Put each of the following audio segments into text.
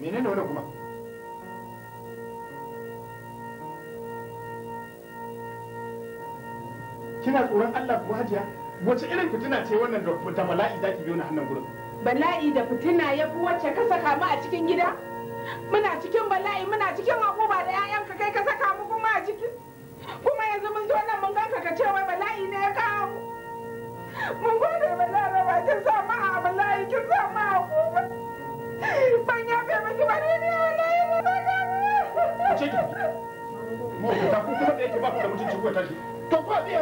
menene wani kuma kina tsoron Allah ko hajiya wace irin fitina ce wannan da bala'i za ki biyo na hannun gurin bala'i da fitina ya fi wacce ka saka mu a cikin gida muna cikin bala'i muna cikin ba da 'ya'yanka kai ka saka mu kuma a ciki kuma yanzu mun zo nan mun ganka ka ce wai bala'i ne ya kawo mu mun gode ba laraba kin sa ma a bala'i kin sa ma a kuma ki bari ni wallahi ba ki da mutunci biya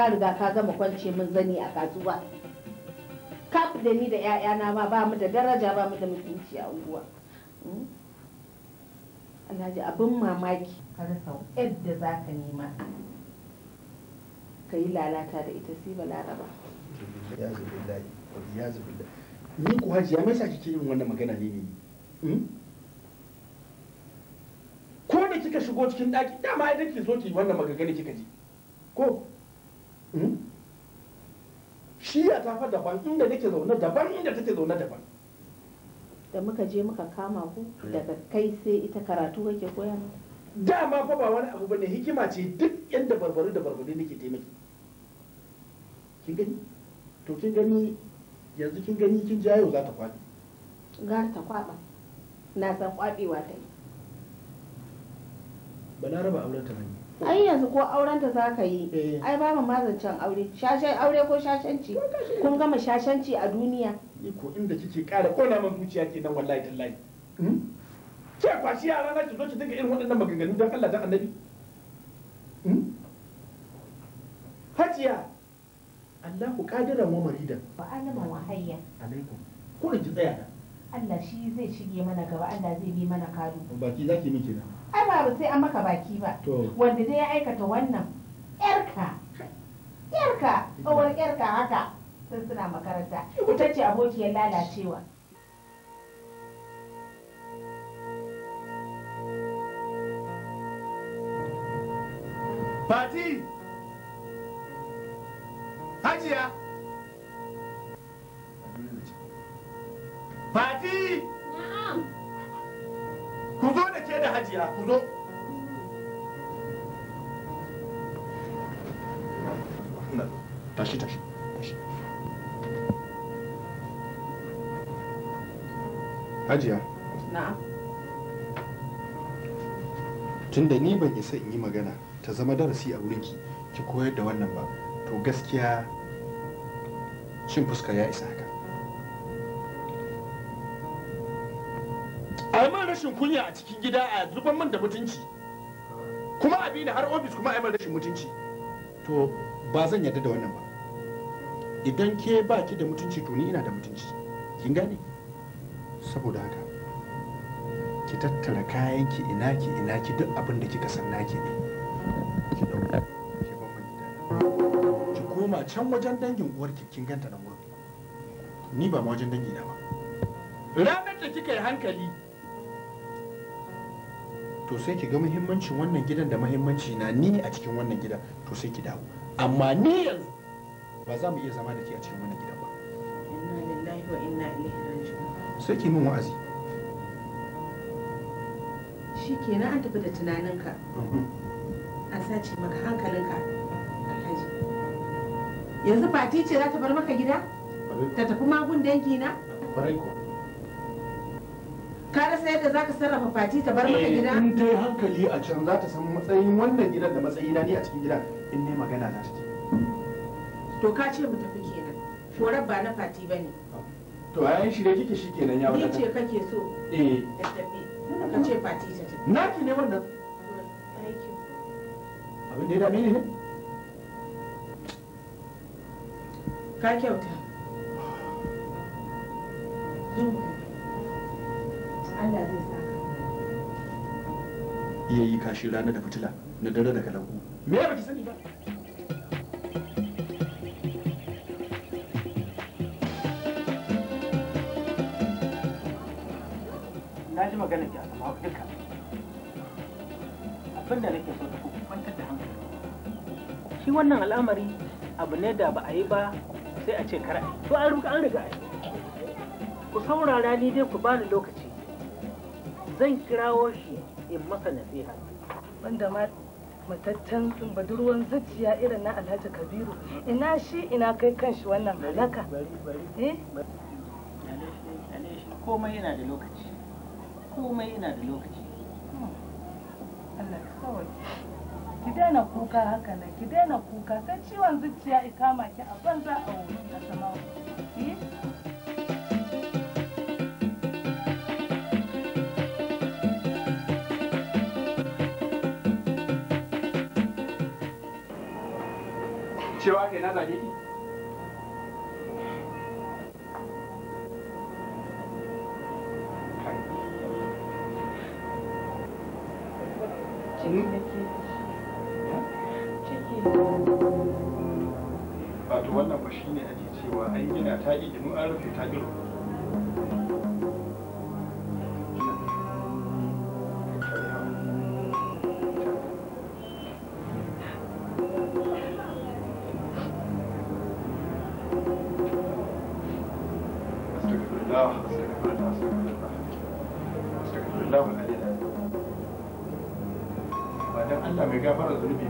ka riga ka gama kwance min zani a kasuwa ka da ni da 'ya'yana ma ba mu da daraja ba mu da mutunci a unguwa hmm? alhaji abin mamaki ka rasa yadda za ka nema ka yi lalata da ita sai ba laraba ni ku ya mai sa kike yin wannan magana ne ne hmm? ko da kika shigo cikin daki dama idan nake zo ki wannan magana kika ji ko Hmm? shiya ta fa daban inda nake zaune daban inda take zaune daban da muka je muka kama ku daga kai sai ita karatu kake koya dama fa ba wani abu bane hikima ce duk yanda barbaru da barbaru nake taimaki kin gani to kin gani yanzu kin gani kin ja yau za ta kwabi gar ta kwaba na san kwabewa ta yi balaraba auren ta bane ai yanzu ko auren ta za ka yi eh. ai ba mu mazancen aure shashen aure ko shashanci kun gama shashanci a duniya ko inda kike kara na man zuciya ke nan wallahi tallahi hmm? ke shi yara na ki ki dinga irin waɗannan maganganu don Allah dan annabi hmm? hajiya Allahu kadira mu maridan wa alama wa hayya alaikum ko in ji tsaya Allah shi zai shige mana gaba Allah zai bi mana kado baki zaki miki na ai ba sai an maka baki ba wanda dai ya aikata wannan yarka yarka tsawon yarka haka sun suna makaranta ita ce abokiyar lalacewa Fati! Hajiya! Fati! Na'am! ku zo da ke da hajiya ku zo tashi tashi hajiya na'am tunda ni ban isa in yi magana ta zama darasi a wurinki ki koyar da wannan ba to gaskiya cin fuska ya isa haka rashin kunya a cikin gida a zuban man da mutunci kuma a bi ni har ofis kuma a rashin mutunci to ba zan yarda da wannan ba idan ke ba ki da mutunci to ni ina da mutunci kin gane saboda haka ki tattara kayan ki ina ki ina ki duk abin da kika san naki ne ki ki ba gida ki koma can wajen dangin uwar ki kin ganta nan wurin ni ba ma wajen dangi na ba ranar da kika yi hankali to sai ki ga muhimmancin wannan gidan da muhimmanci na ni a cikin wannan gidan to sai ki dawo amma ni yanzu ba za mu iya zama da ke a cikin wannan gidan ba sai ki min wa'azi shi ke na an tafi da tunaninka a sace maka hankalinka alhaji yanzu fati ce za ta bar maka gida ta tafi magun dangi na? ko rasa yadda za ka sarrafa fati ta bar maka eh, gida? In ta hankali a can za ta san matsayin wannan gidan da matsayi na ni a cikin gidan in ne magana na ciki. To ka ce mu tafi kenan. Korar ba na fati ba ne. To a yan shirye kike shi kenan ya wadata. Ni ce kake so. Eh. Ya tafi. Ka ce fati ta tafi. Naki ne wannan. Abin da ya dame ne? Ka kyauta. Thank you. iya yi kashi rana da fitila da dare da kalangu me ya baki sani ba na ji magana ki a duka abin da nake so ku kwantar da hankali shi wannan al'amari abu ne da ba a yi ba sai a ce kara to an ruka an riga ku saurara ni dai ku bani lokaci zan kirawo shi in masa nasiha banda ma matattan budurwan zuciya irin na alhaji kabiru ina shi ina kai kanshi wannan eh komai yana da lokaci komai yana da lokaci hmm. Allah kawai ki daina kuka haka nan ki daina kuka sai ciwon zuciya ma ki a banza a wuri a samawa eh? 血分けなどに Amerika var ödülü o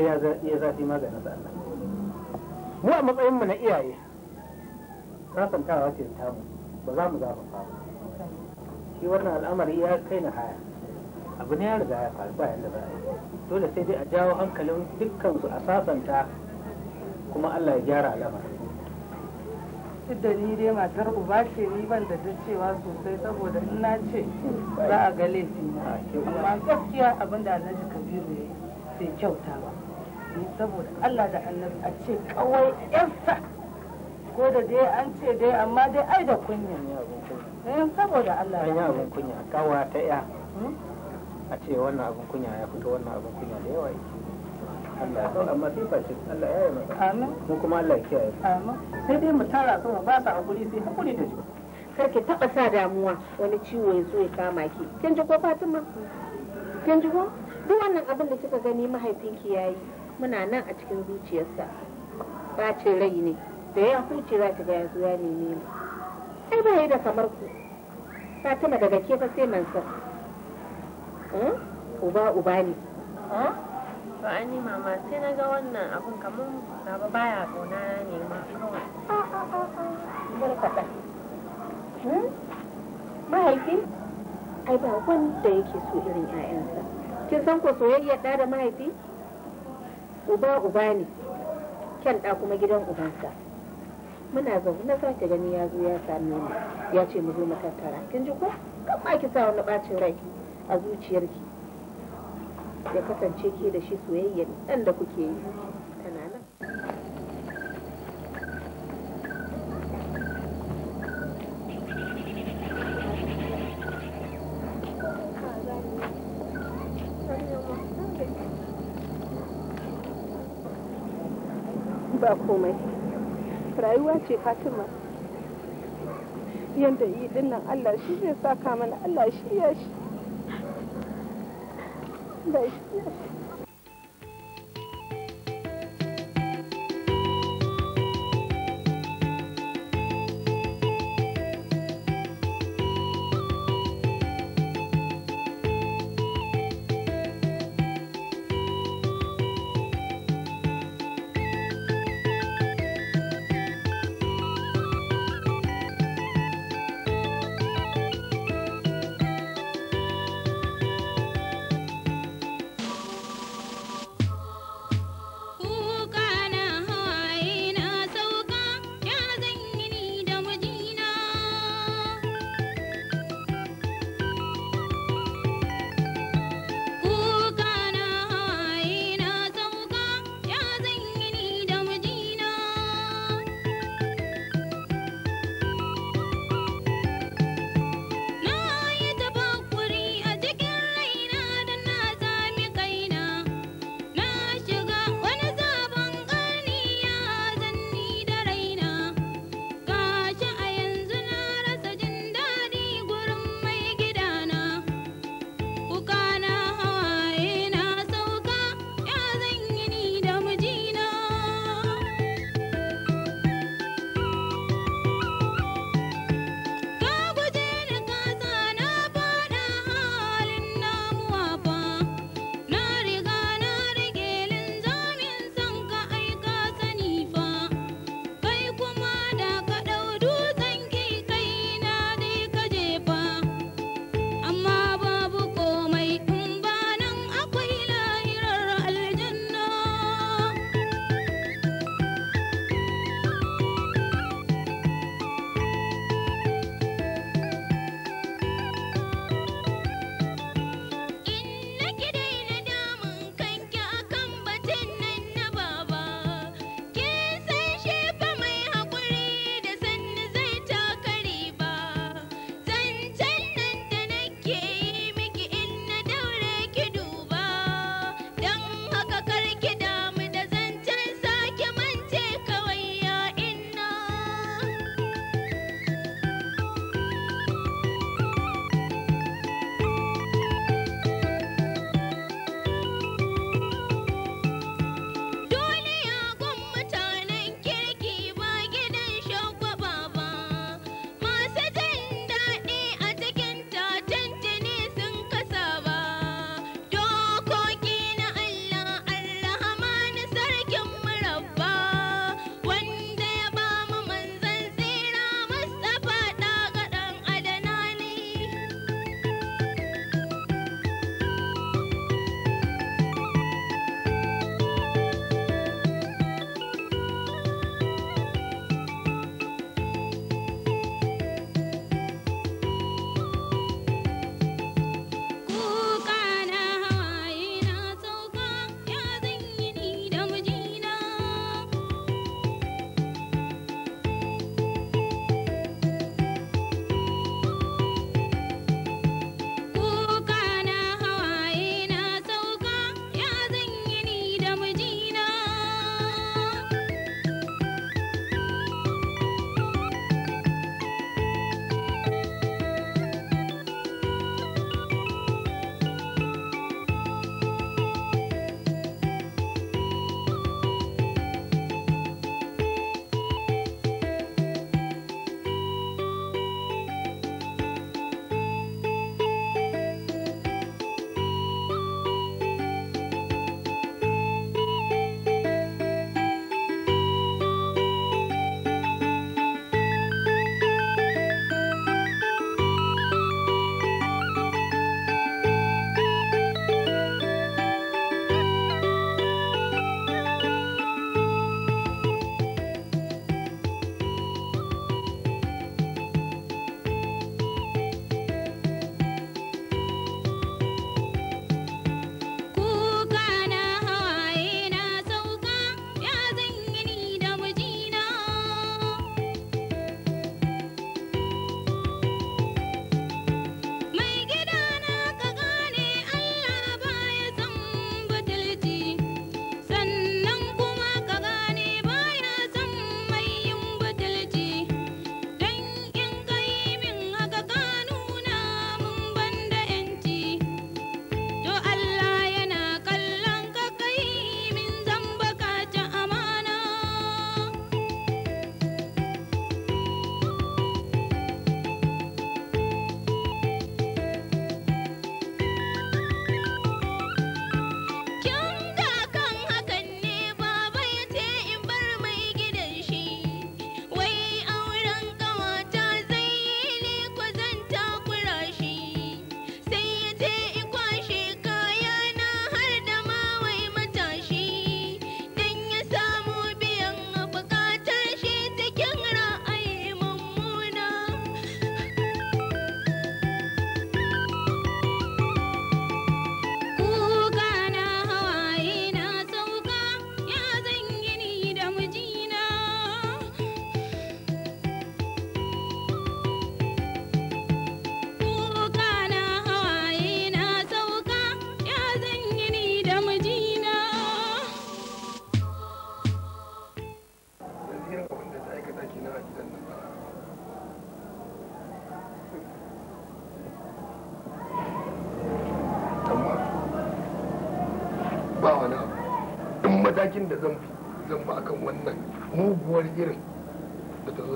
kuma ya zafi maganin Allah mu a matsayin mu na iyaye sasantawa ce ta mu ba za mu zafa ba shi wannan al'amari ya kai na haya abu ne ya riga ya faru ba yadda za yi dole sai dai a jawo hankalin dukkansu a sasanta kuma Allah ya gyara al'amari da ni dai matar uba ce ni ban da ta cewa sosai saboda in na ce za a ga laifin amma gaskiya abin da alhaji kabiru ya yi sai kyauta ba saboda Allah da annabi a ce kawai yansa ko da dai an ce dai amma dai ai da kunya ne eh, saboda Allah ya abin kunya kawa ta ya hmm? a ce wannan abin kunya ya fito wannan abin kunya da yawa yake Allah ya kawo amma sai shi Allah ya yi masa amin mu kuma Allah ya kiyaye amin sai dai mu tara su ba su hakuri sai hakuri da shi kar ki taba sa damuwa wani ciwo ya zo ya kama ki kin ji ko Fatima kin ji ko duk wannan abin da kika gani mahaifinki yayi muna nan a cikin zuciyarsa Ba bacin rai ne da ya huce za ta ga ya zo ya neme mu ai ba da kamar ku fatima daga ke fa sai mansar hmm? uba uba ne hmm? to an mama sai na ga wannan abun kamar baba baya gona ne ma kawai hmm? mahaifi ai ba wanda yake so irin 'ya'yansa kin san ko soyayya da da mahaifi uba uba ne kyan ɗa kuma gidan ubansa muna zaune na sake gani ya zo ya same ni ya ce mu zo mu tattara kin ji ko kan ma ki sa wani bacin rai a zuciyarki ya kasance ke da shi soyayya ɗan da kuke yi tana nan ba komai rayuwa ce fatima yadda yi dinnan allah shi zai saka mana allah shi ya shi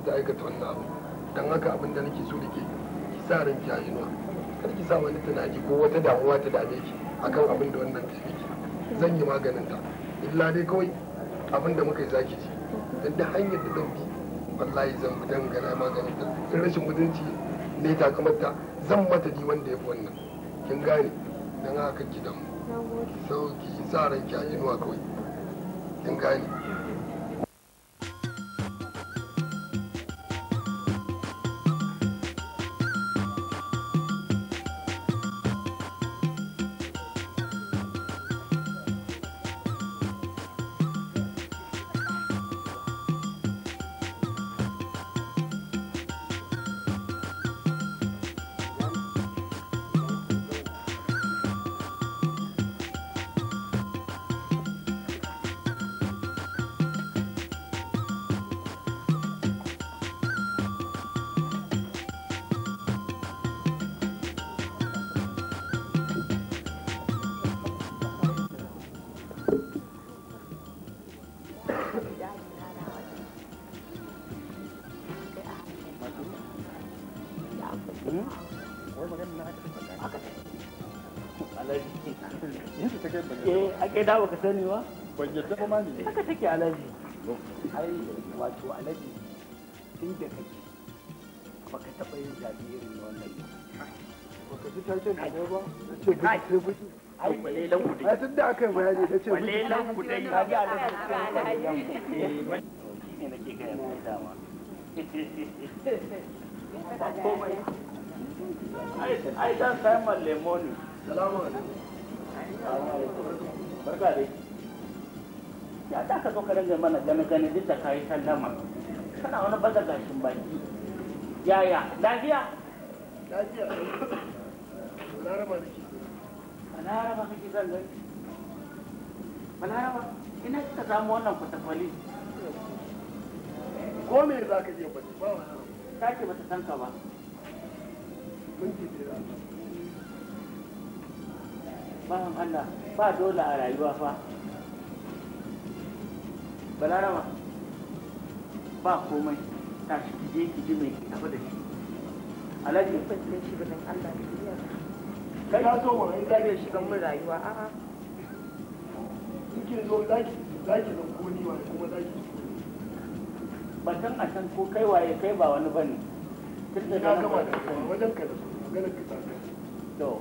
ta aikata wannan abu don haka abin da nake so da ke ki sa ran ki ajinuwa kar ki sa wani tunani ko wata damuwa ta dame ki akan abin da wannan ta miki zan yi maganin ta illa dai kawai abin da muka yi zaki ci duk da hanyar da zan bi wallahi zan bi dangana maganin ta in rashin mutunci ne takamarta zan mata ji wanda ya fi wannan kin gane don haka ki damu sauki sa ran ki ajinuwa kawai kin gane kai dawo ka sani ba ban yadda ba haka take alaji ai wato alaji tun da kake baka yin irin wannan baka ji ta ce ba ce ba ai kudai ai da aka yi bayani ta ce kudai ga alaji eh, dama ai dan lemoni salamu alaikum barka dai ya ta ka zo ka ringa mana duk da kayi sallama kana wani baza gashin baki yaya lafiya lafiya balaraba nake balaraba kake zan gani balaraba ina kika samu wannan kwatakwali ko me za ka je ba ta ce ba ta san ka ba bayan Allah ba dole a rayuwa fa balarama ba komai ta shi kije ki ji mai ki tafi da shi alhaji ban san shi ba Allah ya yi kai ka zo wa in ka shi kan mun rayuwa a a kike zo zaki zaki da koni wa kuma zaki ba san a san ko kai waye kai ba wani bane tun da ka wajen ka da magana ka ta to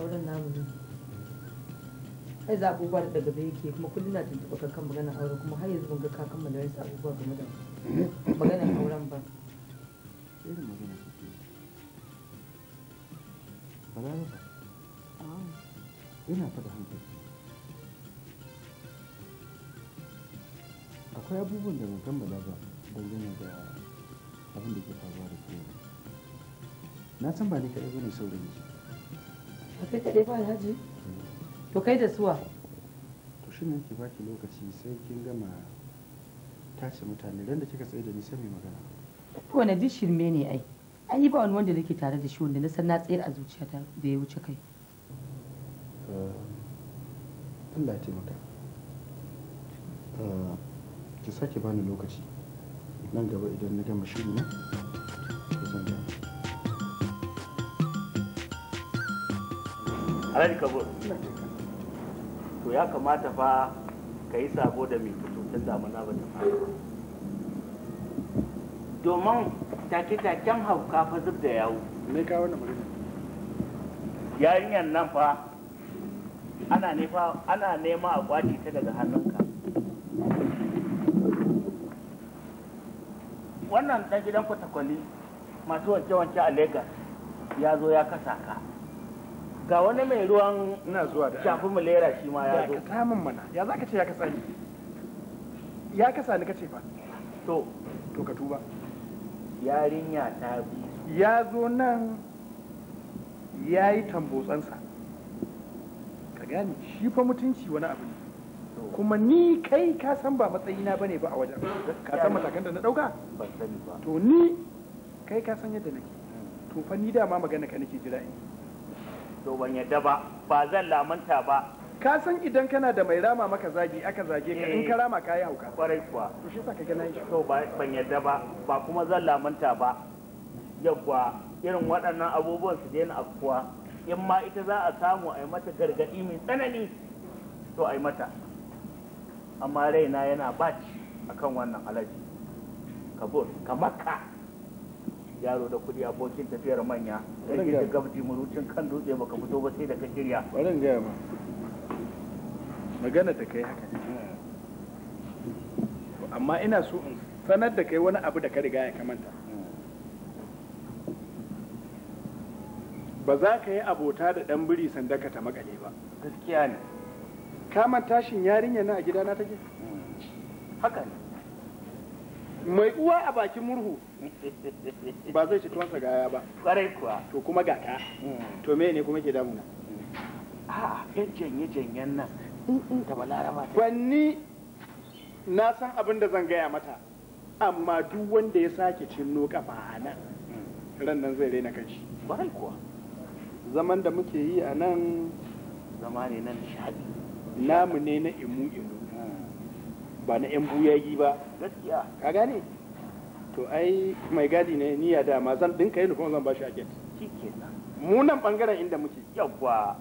auren namu ne ai za abubuwa da daga bai yake kuma kullum na tuntuɓa kakan kan maganar aure kuma har yanzu ban ga ka kammala wasu abubuwa game da maganar auren ba irin magana kake ba za ba ina faɗa hankali akwai abubuwan da ban kammala ba dangane da abin da ke faruwa da ke na san ba ni kaɗai ba ne saurayi ba kaɗai ba alhaji to kai da suwa to shi ne ke baki lokaci sai kin gama tace mutane don da kika tsaye da nisa mai magana to wani duk shirme ne ai an yi ba wani wanda nake tare da shi wanda na san na tsayar a zuciyata da ya wuce kai eh, Allah ya taimaka eh, ki sake bani lokaci nan gaba idan na gama shiri na zan gama alhaji kabur to ya kamata fa ka yi sabo da mai fitotun damuna ba ta fara domin take-taken hauka fa zub da yawo me kawo na magana yarinyar nan fa ana nefa ana nema a kwace ta daga hannunka wannan dan gidan kwatakwali masu wanke-wanke a lagos ya zo ya kasa ka ga wani mai ruwan na zuwa da shafi mulera shi ma ya zo ka min mana ya zaka ce ya kasa ni ya kasa ni kace fa to to ka tuba yarinya ta bi ya zo nan ya yi tambotsansa ka gane shi fa mutunci wani abu ne kuma ni kai ka san ba matsayina bane ba a wajen ka san matakan da na dauka ban sani ba to ni kai ka san yadda nake to fa ni dama magana ka nake jira in to ban yadda ba ba zan lamanta ba ka san idan kana da mai rama maka zagi aka zage ka in ka eh. rama ka yi hauka kwarai kuwa to shi sa ka shi to ban yadda ba ba kuma zan lamanta ba yawwa irin waɗannan abubuwan su daina afkuwa in ma ita za a samu a yi mata gargaɗi mai tsanani to a yi mata amma raina yana baci akan wannan alaji kabur ka makka yaro da kudi abokin tafiyar manya da ke da gabdi murucin kan dutse baka fito ba sai da ka shirya barin gaya ma magana ta kai haka amma ina so in sanar da kai wani abu da ka riga ya kamanta ba za ka yi abota da dan biri sanda ka ta makale ba gaskiya ne kaman tashin yarinya na a gidana take haka ne mai uwa a bakin murhu ba zai ci tuwansa gaya ba kwarai kuwa to kuma ga hmm. to me ne kuma ke damuna hmm. a'a yan janye janyen nan in ta balaraba ta banni na san abin da zan gaya mata amma duk wanda ya sake cinno kafa nan hmm. ran nan zai raina kanshi kwarai kuwa zaman da muke yi a nan zama ne na nishadi namu ne na imu imu ba na yan buyagi ba gaskiya ka gane to ai mai gadi ne ni ya dama zan dinka kuma zan bashi a gate shikenan mu nan bangaren inda muke yawwa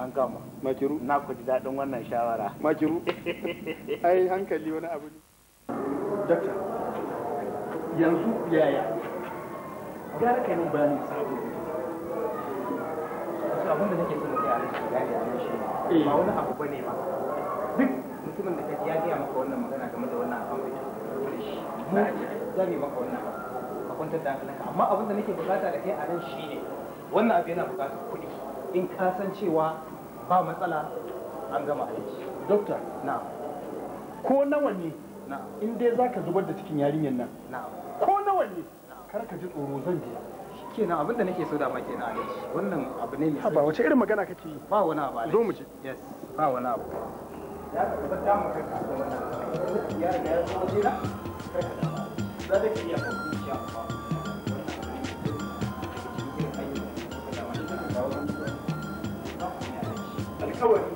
an kama makiru na ku ji daɗin wannan shawara makiru ai hankali wani abu ne dakta yanzu yaya gara ka mun bayanin sabon abun da nake son kai a rashin gari a shi eh. ba wani abu bane ba duk mutumin da ka ya gaya maka wannan magana game mu za maka wannan abu ka kwantar da amma abin da nake bukata da kai a nan shine wannan abu yana bukatar kuɗi in ka san cewa ba matsala an gama aiki dokta na ko nawa ne na in dai za ka zubar da cikin yarinyar nan na ko nawa ne kar ka ji tsoro zan biya kenan abin da nake so da ma kenan alaji wannan abu ne mai ba wace irin magana kake yi ba wani abu zo mu je yes ba wani abu ya ka tabbata mu kanka wannan ya riga ya zo jira alkawari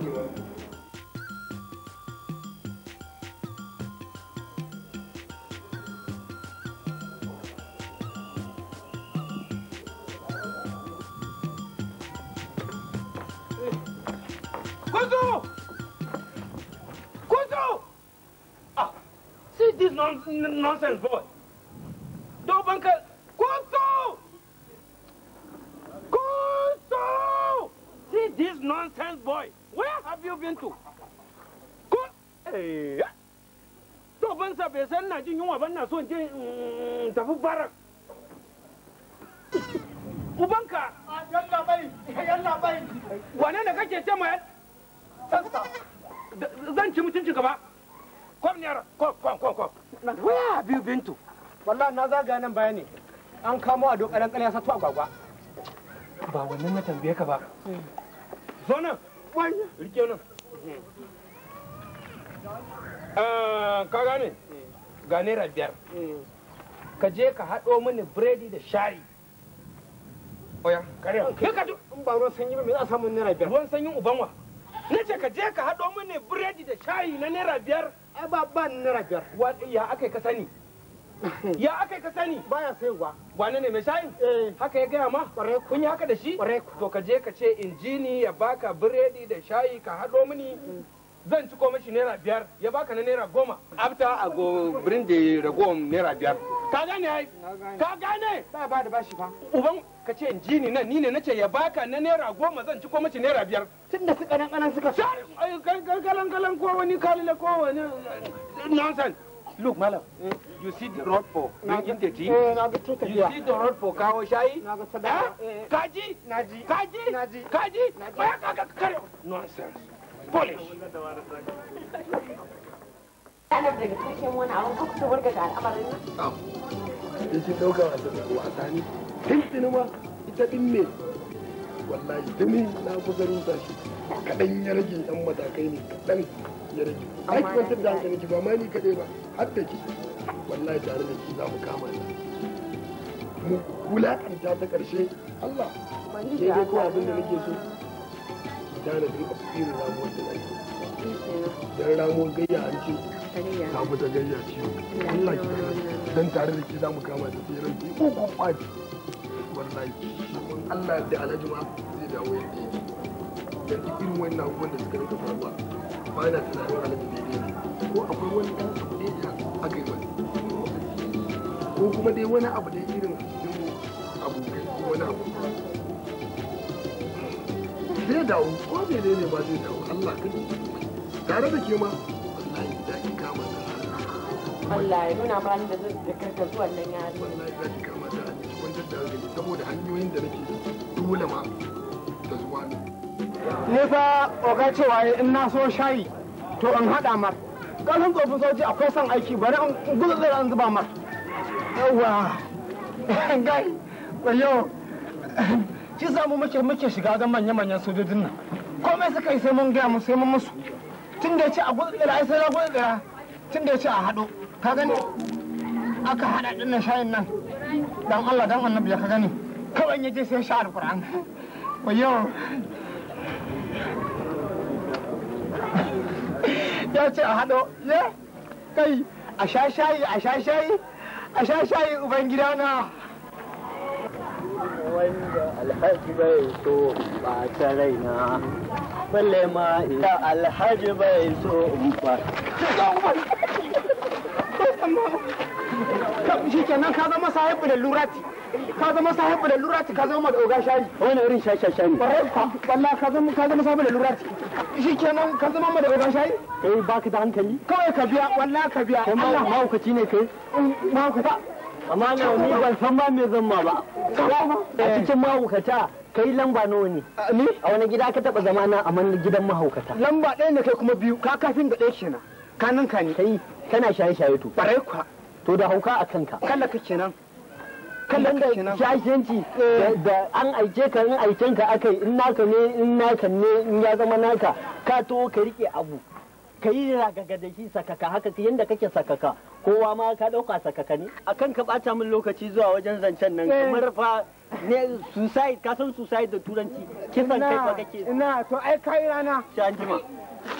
nonsense boy dogon ka kunso kunso see this nonsense boy where have you been to kun eh dogon sa bai san na jin yunwa ban na so in mm, tafi barak da na zaga nan bayani an kamo a dokaran kalya sato agwagwa ba wannan na tambaye ka ba zo nan wani rike nan eh, ka gane ga naira biyar ka je ka haɗo mini biredi da shari oya kare ka ka in ba ruwan sanyi ba me za a samu naira biyar ruwan sanyin ubanwa na ce ka je ka haɗo mini biredi da shayi na naira biyar ai ba ba naira biyar ya aka ka sani Eh. ya aka ka sani baya sai wa. wane ne mai shayin eh. haka ya gaya ma kun yi haka da shi to ka je ka ce injini ya baka biredi da shayi ka haɗo mini mm. zan ci koma shi naira biyar ya baka na naira goma afta a go birin da ragowar naira biyar ka gane ai ka gane ba ba da bashi fa uban ka ce injini nan ni ne na ce ya baka na naira goma zan ci koma shi naira biyar da su ƙanan ƙanan suka ai kalan kalan ko wani kalile ko wani nonsense Look, Malam, eh? you see the road for drinking the tea? Eh, you see the road for kawo shayi? Eh? eh? Kaji? Naji. Kaji? Naji. Kaji? Naji. Nonsense. Polish. Ana daga cikin wani abin kuka ta warga da al'amarin nan? Ita ce ɗauka wasa ne. Tintini ma ita ɗin ne. Wallahi tuni na kusa rusa shi. Kaɗan ya rage ɗan matakai ne kaɗan. ya rage ai ki kwantar da hankali ki ba ma ni kadai ba har da ki wallahi tare da ki za mu kama ni mu wulakanta ta karshe Allah ke dai ko abin da nake so ki tana da irin ramuwar da nake dan ramuwar gayya an ce ta fita gayya ciwo Allah ki dan tare da ki za mu kama ta tseren ki ko ko kwaci wallahi Allah ya da alhaji ma zai dawo ya yake dan irin wannan abubuwan da suka rika faruwa ba na tunanin halatta daidai ko akwai wani ɗan abu ne da aka yi wani ko kuma dai wani abu da irin jin abokai ko wani abu zai dawo ko dai ne ma zai dawo Allah ka tare da ke ma wallahi da ki kama da Allah nuna ba da zai da karka zuwa nan yaro wallahi da ki kama da ki kwantar da saboda hanyoyin da nake dole ma ne fa oga cewa in na so shayi to in haɗa mar ƙarfin tsofin soji akwai son aiki bari in gudunar an zuba mar yawa gai kwayo shi samu muke muke shiga don manya-manyan sojojin nan komai suka yi sai mun gaya mu sai mun musu tun da ya ce a gudunar ai sai na gudunar tun da ya ce a haɗo ka gani aka haɗa din na shayin nan dan Allah dan annabi ya ka gani kawai yaje je sai sha alquran kwayo ya ce a haɗo ye kai a sha shayi a sha shayi a sha shayi ubangida na wanda alhaji bai so ba ta raina balle ma ina alhaji bai so ba shi kenan ka zama sahibu da lurati ka zama sahibu da lurati ka zama da oga A wani irin shayi shayi shayi ka zama ka zama sahibu da lurati shi kenan ka zama da oga shari eh ka da hankali kawai ka biya wallahi ka biya Allah mahaukaci ne kai mm, mahaukata amma na ni ban san ma me zama ba a cikin mahaukata kai lamba nawa ne ni a wani gida ka taba zamana a man gidan mahaukata lamba ɗaya ne kai kuma biyu ka kafin da ɗaya kenan kanin ka ne kai kana shaye shaye to bare kwa to da hauka a kanka ka. kenan kallon eh. da jajenci da an aike ka in aiken ka akai in naka ne in naka ne in ya zama naka ka to ka rike abu ka yi ragaga da shi sakaka haka yadda kake sakaka kowa ma ka dauka sakaka ne akan ka bata min lokaci zuwa wajen zancen nan eh. kamar fa ne suicide ka san suicide da turanci kisan kai fa kake ina to ai kai rana sai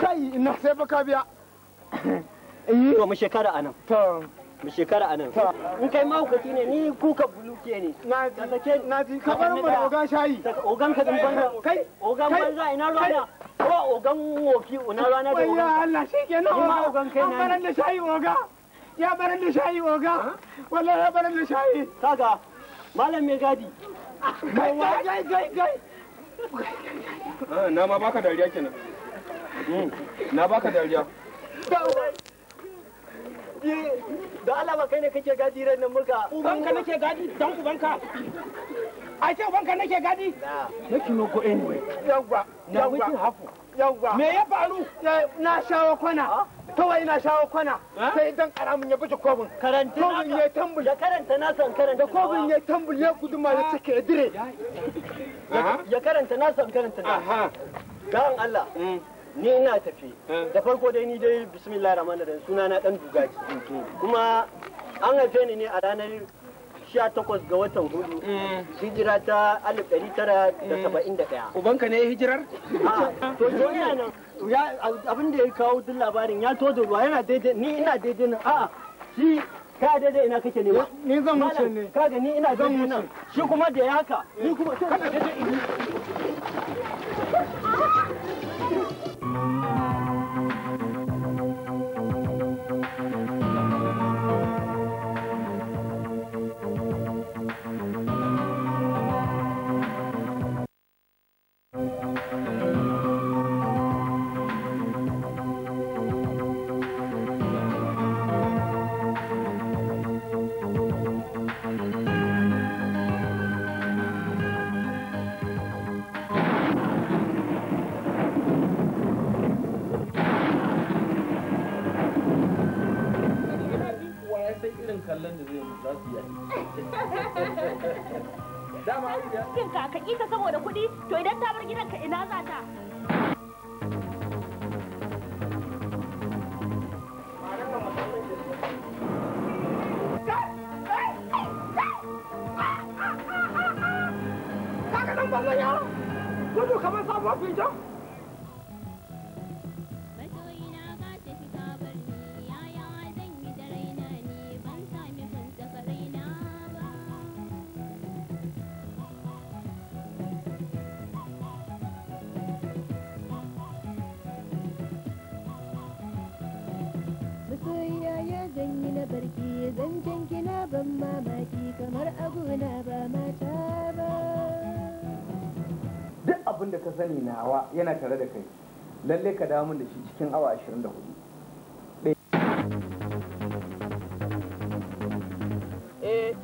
kai ina sai baka biya to mu shekara anan to mu shekara a nan in kai mahaukaci ne ni kuka buluke ne na ji ka bar mu da ogan shayi ogan ka banza kai ogan banza ina rana. ko ogan woki ina rana da Ya Allah shi ke nan ogan kai na baran da shayi oga ya baran da shayi oga wallahi ya baran da shayi kaga malam me gadi kai kai kai kai ah, na ma baka dariya kenan hmm, na baka dariya da alama kai ne kake gadi ran nan muka ubanka nake gadi dan ubanka A ce ubanka nake gadi nake no go anyway yawwa na wuce hafu yawwa me ya faru na shawo kwana kawai na shawo kwana sai dan karamin ya buce kobin karanta kobin ya tambul ya karanta na san karanta da kobin ya tambul ya guduma ya cike dire ya karanta na san karanta na dan Allah mm. ni ina tafi da farko dai ni dai bismillah rahman rahim suna na dan dugaji kuma an haife ni ne a ranar 18 ga watan hudu hijira ta 1971 ubanka ne hijirar to duniya nan abin da ya kawo duk labarin ya todo ruwa yana daidai ni ina daidai nan a'a shi ka daidai ina kake ne ni zan wuce ne kaga ni ina daidai nan shi kuma da yaka haka ni kuma kada daidai Música hum. 大家。sani nawa yana tare da kai lalle ka damu da shi cikin awa 24 eh,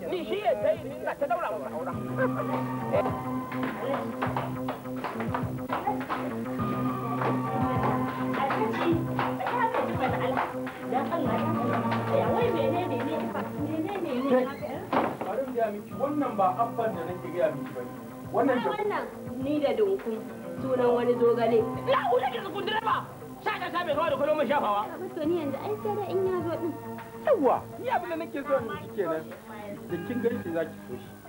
na wannan ba abban da nake gaya miki ba wannan ni da dunkun sunan wani zogale na kusa ki tsukun direba sha ka sabe ruwa da kwalon shafawa to ni yanzu ai sai da in ya zo din yawa ni abin da nake so in ji kenan da kin gaishe zaki so shi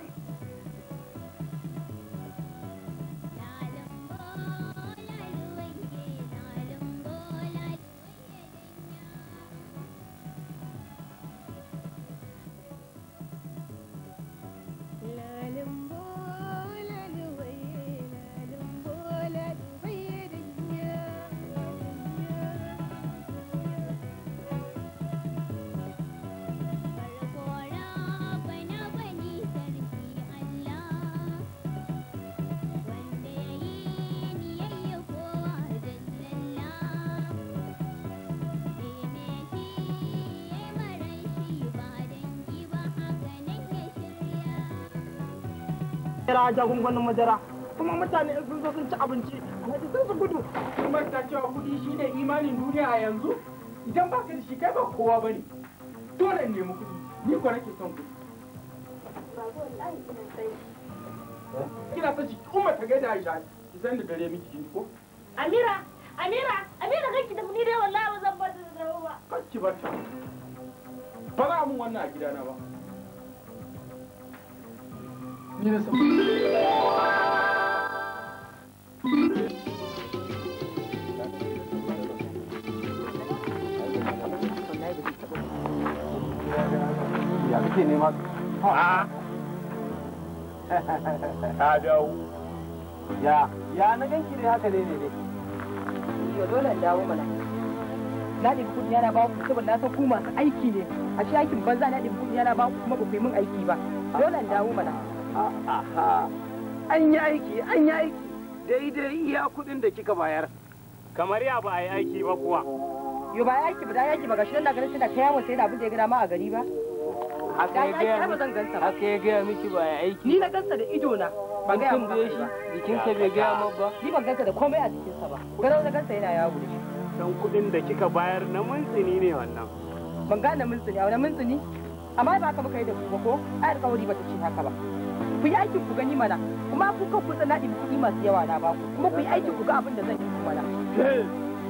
na jagungunan madara kuma mutane in sun zo sun ci abinci alhaji sun su gudu kuma ta cewa kudi shine imanin duniya a yanzu idan baka da shi kai ba kowa bane dole ne mu kudi ni ko nake son kudi ba wallahi ina sai kina son ki umma ta ga da Aisha ki san da gare miki ko Amira Amira Amira ki da ni dai wallahi ba zan bar da zama ba ki ba ta ba za mun wannan a gidana ba ni na san Ka dawo. Ya, ya na ganki dai haka dai ne dai. Yo dole in dawo mana. Na ɗin kudi yana ba ku saboda na san ku masu aiki ne. A shi aikin banza na ɗin kudi yana ba ku kuma ba ku yi min aiki ba. Dole in dawo mana. Aha. An yi aiki, an yi aiki. Daidai iya kuɗin da kika bayar. Kamar ya ba a yi aiki ba kuwa. Yo ba aiki ba da aiki ba gashi nan na ganin da kai yawon sai da abin da ya gina ma a gari ba. haka ya gaya miki ba ya aiki ni na gansa da ido na ban gaya maka shi jikinsa bai gaya ma ba ni ban gansa da komai a jikinsa ba garau na gansa yana yawo da shi dan kudin da kika bayar na mintsini ne wannan ban gane mintsini a wani mintsini amma ba ka muka yi da ku ba ko ai alƙawari ba ta ce haka ba ku yi aikin ku gani mana kuma ku kan kutsa na ɗibi kuɗi masu yawa na ba ku kuma ku yi aikin ku ga abin da zan yi ku mana.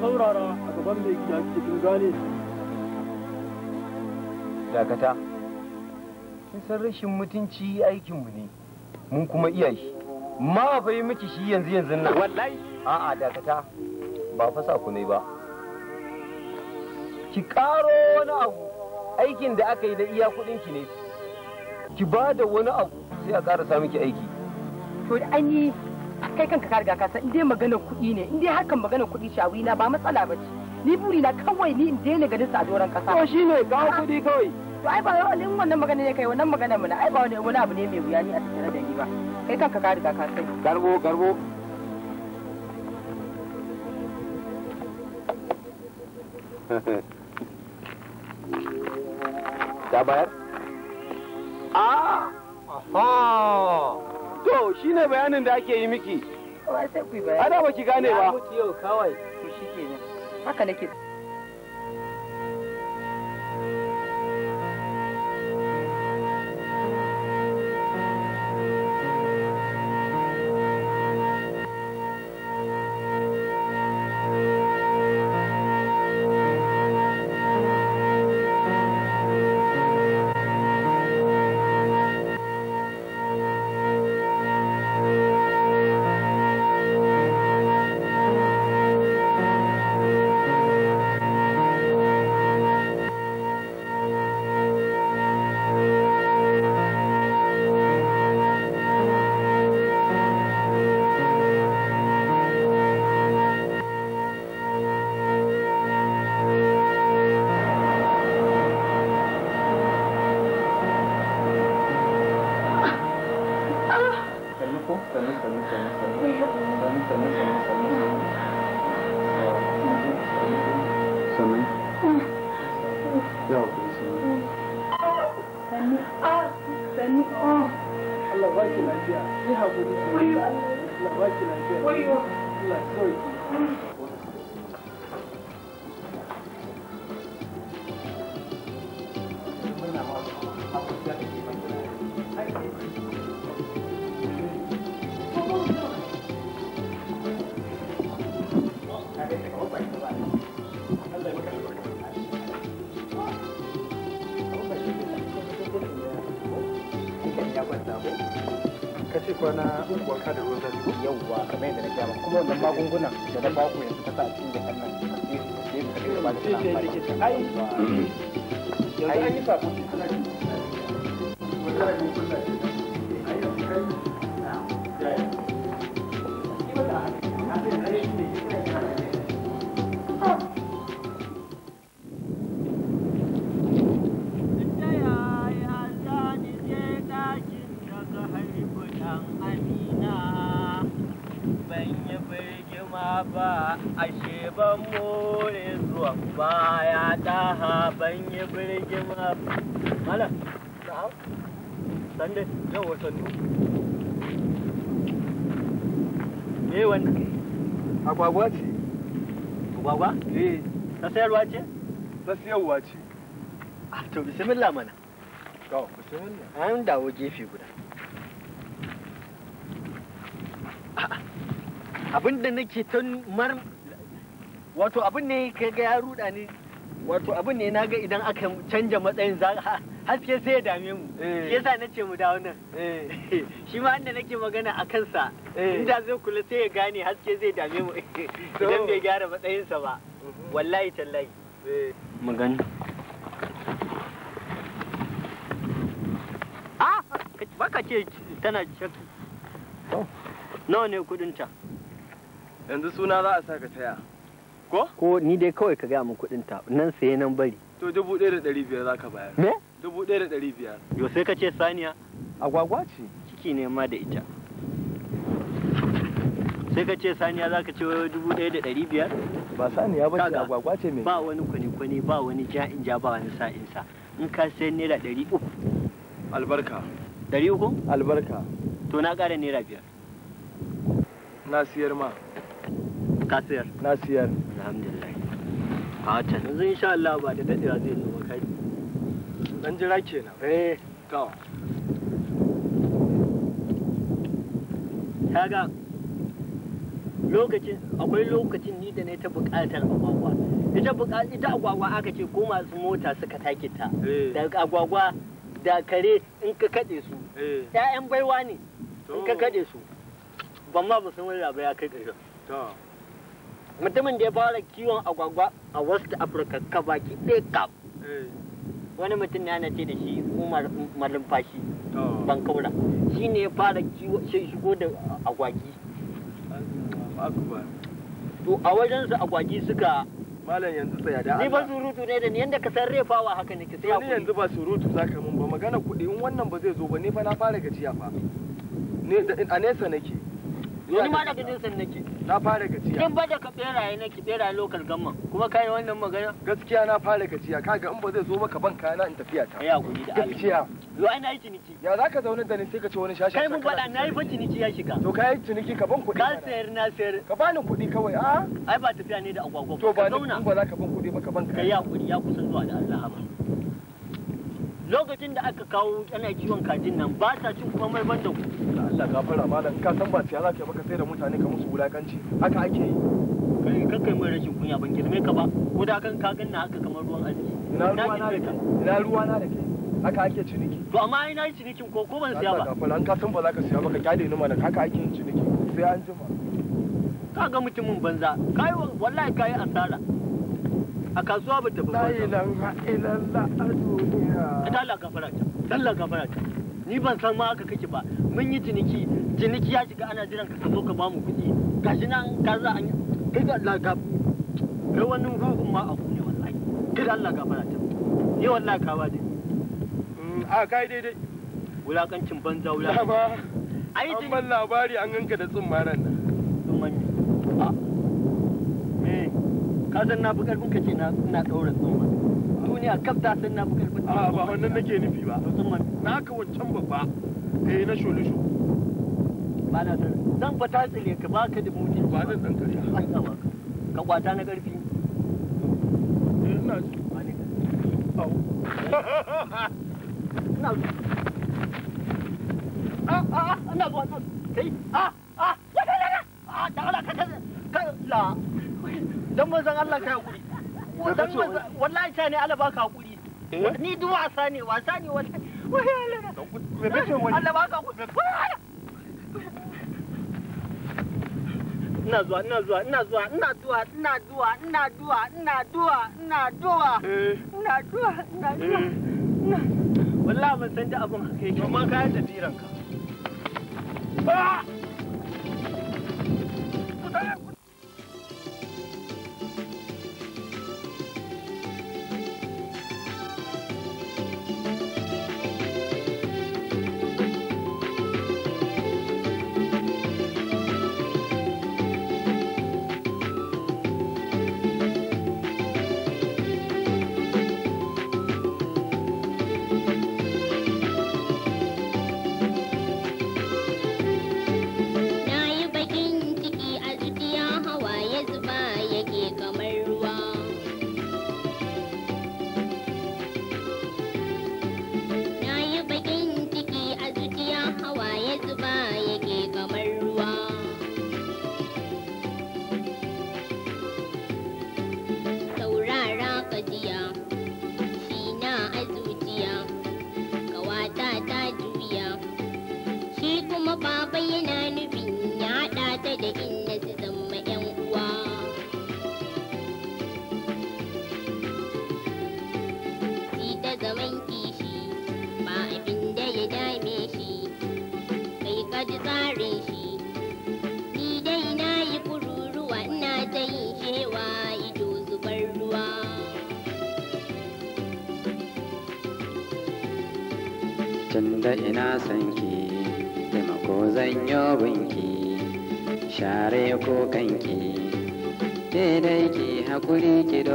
saurara a gaban mai gida cikin gane. Dakata. san rashin mutunci mu ne mun kuma iyaye. Ma ma yi miki shi yanzu yanzu nan wallahi a'a dakata ba fasa ku ne ba ki karo wani abu aikin da aka yi da iya kudin ki ne ki ba da wani abu sai a karasa miki aiki to da an yi kai kanka ka riga ka san indai maganar kuɗi ne indai harkan maganar kuɗi ce a wina ba matsala ba ce ni buri na kawai ni in daina ganin sa a doron kasa to shine ga kuɗi kawai to ai ba wani wannan magana ne kai wannan magana mana ai ba wani wani abu ne mai wuya ni a tattare da ni ba kai kanka ka riga ka sani garbo garbo ta bayar a to shine bayanin da ake yi miki ana ba ki gane ba yau kawai to shikenan haka nake 结婚了。agwagwa ce agwagwa eh ta sayarwa ce ta sayarwa ce a ah, to bismillah mana to bismillah an dawo gefe guda ah, abin da nake ta mar wato abin ne ka ga ya ruda ne wato abin ne na ga idan aka canja matsayin za haske sai ya dame mu eh. yasa na ce mu dawo nan eh. shi ma inda nake magana a kansa eh. inda zai kula sai ya gane haske zai dame mu idan bai gyara matsayinsa ba mhm. wallahi tallahi mu ah baka ce tana shakki nawa ne kudinta yanzu suna za a sa ka taya ko ko ni dai kawai ka gaya min kudinta nan sai nan bari To dubu ɗaya da ɗari biyar za ka bayar. Me? Dubu ɗaya da ɗari biyar. Yo sai ka ce saniya? Agwagwa ce. Ciki ne ma da ita. sai ka ce saniya za ka ce dubu ɗaya da ɗari biyar? ba saniya ba ce agwagwa ce mai ba wani kwani-kwani ba wani in ja ba wani sa in ka sayar naira ɗari uku albarka ɗari uku albarka to na ƙara naira biyar na siyar ma ka siyar na siyar alhamdulillah fatan yanzu insha Allah ba da dadewa zai zo kai dan jira kenan eh to kaga lokacin akwai lokacin ni da ne ta buƙatar agwagwa ita buƙatar ita agwagwa aka ce ko masu mota suka take ta eh. da agwagwa da kare in ka kade su ƴaƴan eh. baiwa ne in ka kade su ban ma ba san wani ya kai ƙarshen mutumin da ya fara kiwon agwagwa a west africa ka baki ɗaya kaf eh. wani mutum ne ana ce da shi umar malumfashi kaura shi ne ya fara kiwo shi shigo da agwagi to a wajen su agwagi suka malam yanzu tsaya da ni ba surutu ne da ni yanda ka san wa haka ne ki sai ni yanzu ba surutu zaka mun ba magana kuɗi in wannan ba zai zo ba ni fa na fara gajiya fa ne a nesa nake wani ma daga jinsin nake na fara gajiya kin baje ka beraye nake beraye lokal gamma kuma kai wannan magana gaskiya na fara gajiya kaga in ba zai zo maka ban kayana in tafiya ta ya guri da Allah gaskiya yo ai nayi ciniki ya zaka zauna da ni sai ka ci wani shashi kai mun faɗa yi fa ciniki ya shiga to kai ciniki ka ban kuɗi ka sayar na sayar ka bani kuɗi kawai a ah? ai ba tafiya ne da agwagwa to ba ni ba za ka ban kuɗi ba ka ban kai ya guri ya kusan zuwa da Allah ba lokacin da aka kawo ana kiwon kajin nan ba sa cin komai ban da kuka Allah gafara malam ka san ba ciya zaka baka sai da mutane ka musu wulakanci haka ake yi kai kai mai rashin kunya ban girme ka ba ko da kan ka ganna haka kamar ruwan aji ina ruwa na da kai ina ruwa na da kai haka ake ciniki to amma ina nayi cinikin ko ko ban siya ba Allah gafara an ka san ba za siya ba ka kyale ni malam haka ake yin ciniki sai an jima ka ga mutumin banza kai wallahi kai asara a kasuwa ba ta fara la ilaha illallah a duniya ta Allah gafara ta Allah gafara ta ni ban san ma aka kake ba mun yi ciniki ciniki ya shiga ana jiran ka zo ka ba mu kuɗi gashi nan ka za an kai ga Allah ga kai wani ruhun ma abu ne wallahi kai Allah gafara ta ni wallahi ka ba dai mm, a kai daidai wulakancin banza wulakanci ai an ban labari an ganka da tsimmaran nan ka na fi karfin ka ce na ɗaura tsoma duniya kaf ta san na fi a ah, ba wannan nake nufi ba na ka wancan babba eh na ba na san zan fa ta tsire ka ba ka da mutunci ba zan dan kare ka kwata na karfi eh ina ji au ina ji a ah, a ah, ina zuwa kai a a wata la la a da ala ka ka dan manzon Allah ka hakuri wallahi ta ne Allah baka hakuri eh? ni duk wasa ne wasa ne wallahi Allah baka hakuri ina zuwa ina zuwa ina zuwa ina zuwa ina zuwa ina zuwa ina zuwa ina zuwa eh. ina zuwa eh. ina zuwa wallahi ban san da abin haka yake amma kayan da diranka ah!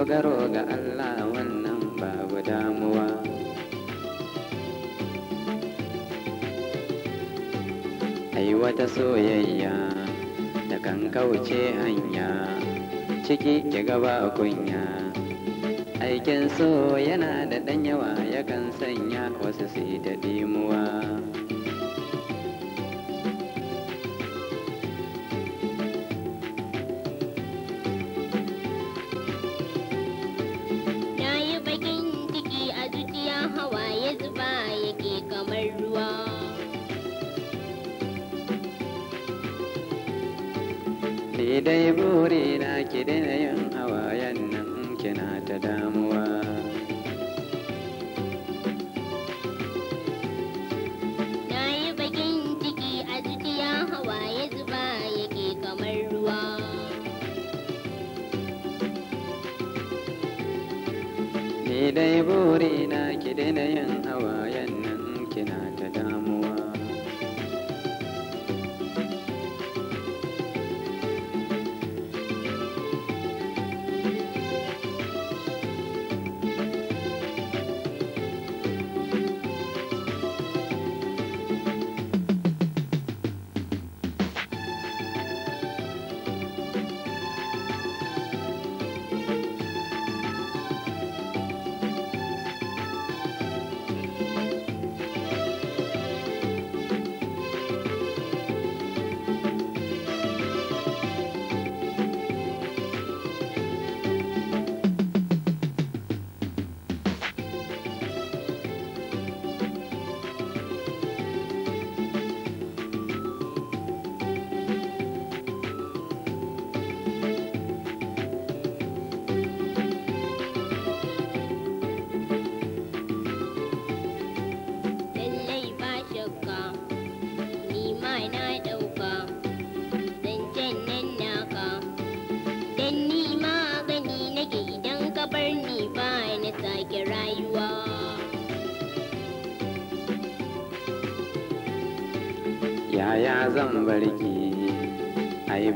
dogaro ga Allah wannan babu damuwa ai wata soyayya da kan kauce hanya ciki ki gaba kunya aikin so yana da ɗan yawa yakan sanya wasu su yi da dimuwa.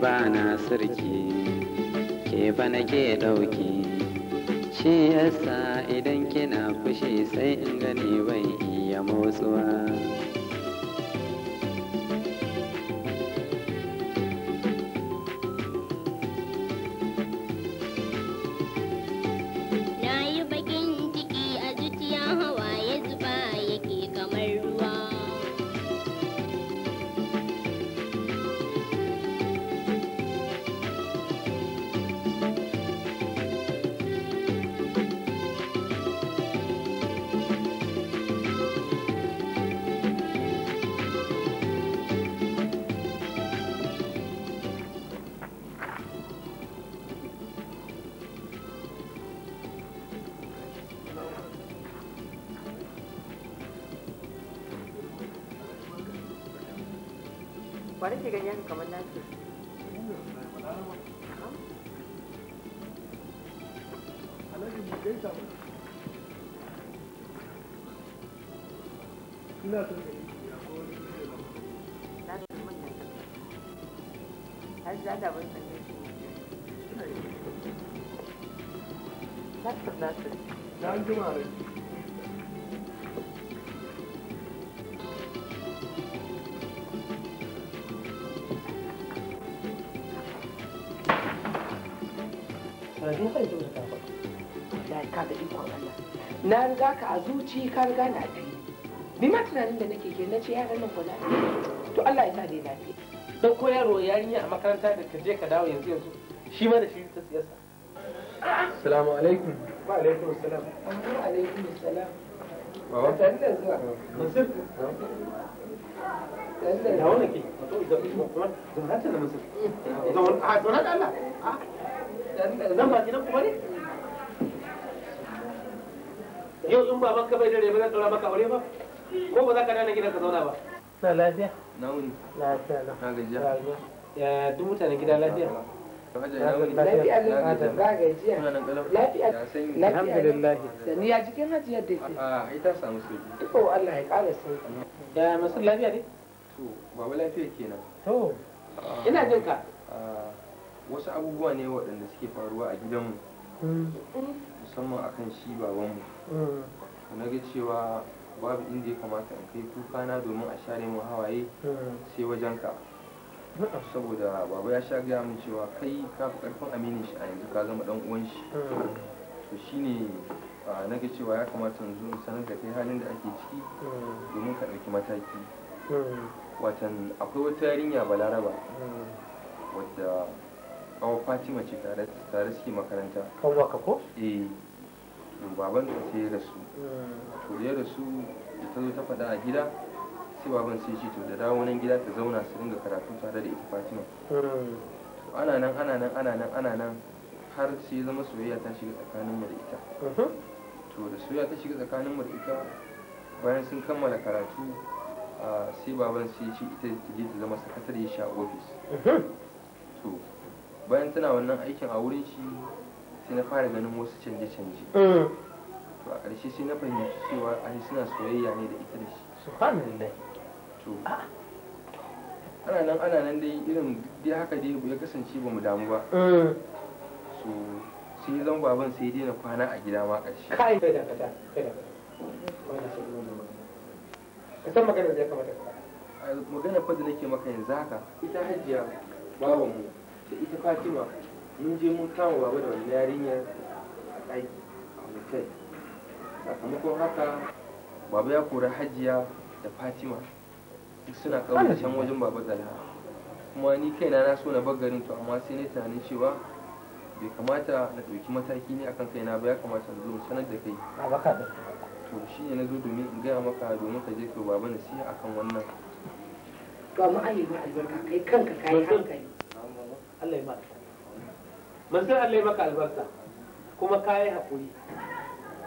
ba na sarki ke ba nake ɗauki ba nake ganin kamar na na riga ka a zuci ka riga na fi bi ma tunanin da nake ke na ce yaran nan kula to Allah ya sa dai lafiya dan koyarwa yarinya a makaranta da ka je ka dawo yanzu yanzu shi ma da shi ta siyasa assalamu alaikum wa alaikum assalam wa alaikum assalam baba tare da zuwa masir da wani ke zaunata da masir mm. da Allah zan ba ki na kuma ne yau in ba ka bai da rebe zan dora maka aure ba ko ba za ka dana gidan ka zauna ba na lafiya na wuni lafiya na ka gajiya ya duk mutanen gida lafiya lafiya na gajiya lafiya alhamdulillah ni ya jikin hajiyar da ke a ita samu sauki ko Allah ya kara sauki ya masu lafiya ne to baba lafiya kenan to ina jin ka wasu abubuwa ne waɗanda suke faruwa a gidanmu hmm. musamman akan shi babanmu na ga cewa babu inda ya kamata in kai kuka na domin a share mu hawaye sai wajen ka saboda baba ya sha gaya min cewa kai ka fi karfin aminin shi a yanzu ka zama dan uwan shi to shine na ga cewa ya kamata in zo sanar da kai halin da ake ciki domin ka ɗauki mataki watan akwai wata yarinya balaraba wadda awa fatima ce tare suke makaranta kan waka ko? eh baban sai ya rasu to ya rasu ta zo ta faɗa a gida sai baban sai ce to da dawo nan gida ta zauna su dinga karatu tare da ita fatima to ana nan ana nan ana nan ana nan har sai zama soyayya ta shiga tsakanin mu da ita to da soyayya ta shiga tsakanin mu da ita bayan sun kammala karatu sai baban sai ce ita ta je ta zama sakatare shi a ofis to bayan tana wannan aikin a wurin shi sai na fara ganin wasu canje-canje mm. to a ƙarshe sai na fahimci cewa ai suna soyayya ne da ita da shi subhanallah to ah. ana nan ana nan dai irin dai haka dai ya kasance ba mu damu ba mm. so sai zan baban sai dai na kwana a gida ma ƙarshe kai kai da kada kai da kada san magana da ya kamata ka magana fa da nake maka yanzu haka ita hajiya babanmu mu da ita Fatima mun je mun kama baba da wani yarinyar a a hotel sakamakon haka baba ya kori hajiya da fatima duk suna kawo can wajen baba zalha kuma ni kaina na so na bar garin to amma sai na tunanin cewa bai kamata na ɗauki mataki ne akan kaina ba ya kamata na zo sanar da kai to shi ne na zo domin in gaya maka domin ka je ka na siya akan wannan ba mu ayyuka albarka kai kanka kai hankali Allah ya manzo Allah maka albarka kuma ka yi hakuri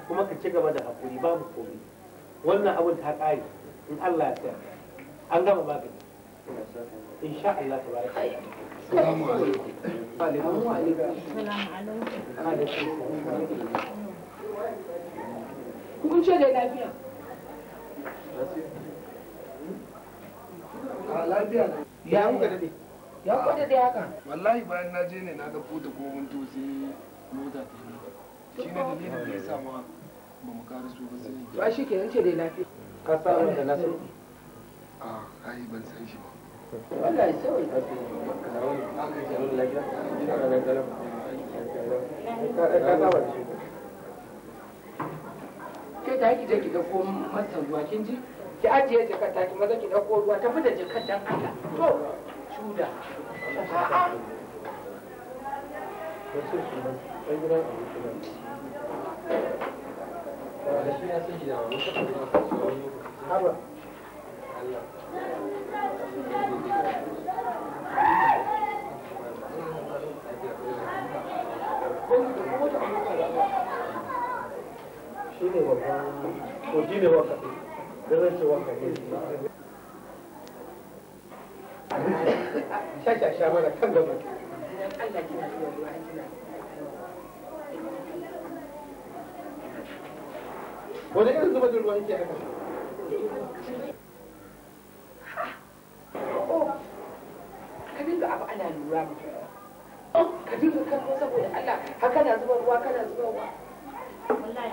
kuma ka ci gaba da hakuri babu komai wannan abun ta kare in Allah ya sa an gama magani insha Allah tabaraka السلام عليكم kun ce dai lafiya ya muka dade ya kwata dai haka wallahi bayan na je ne na ga fota gomin tosi mota ta ne shi ne dalilin da ya sa ma ba mu kara su ba sai ba shi ke ce dai lafiya ka sa wanda na so a ai ban san shi ba wallahi sai ka ka ka ji lafiya ka ga galan ka ka ka sai ta yi je ki dauko masa ruwa kin ji ki ajiye jakar ta ki maza ki dauko ruwa ta fita jakar dan Allah to shuda shi ne babban ko shi ne wakafi wani irin zuba da haka oh! ka dinga abu ana lura mutum oh! ka dinga kallo saboda Allah haka na zuba ruwa kana zuba ruwa wallahi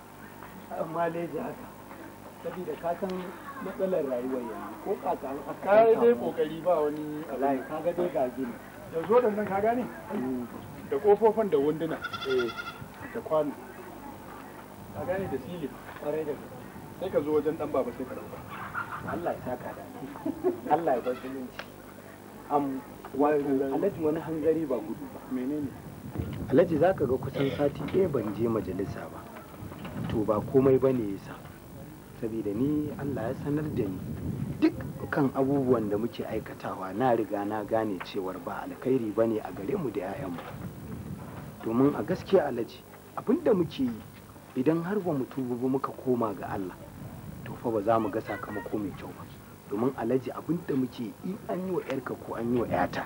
amma dai ji haka saboda ka san matsalar rayuwar yanzu ko kaka dai kokari ba wani alai ka ga dai ga gini da zo da nan ka gane mm. da kofofin da wunduna eh, da kwano ka gane da sili kwarai da sai ka zo wajen dan baba sai ka dauka Allah ya saka da Allah ya bar zumunci am alhaji wani hangari ba gudu ba menene alhaji zaka ga kusan sati ɗaya ban je majalisa ba to ba komai ba ne yasa saboda ni allah ya sanar da ni duk kan abubuwan da muke aikatawa na riga na gane cewar ba alkhairi ba ne a gare mu da 'ya'yanmu domin a gaskiya alaji abin da muke yi idan har ba mu tubu ba muka koma ga allah to fa ba za mu ga sakamako mai kyau ba domin alaji abin da muke in an yi wa 'yarka ko an yi wa 'yata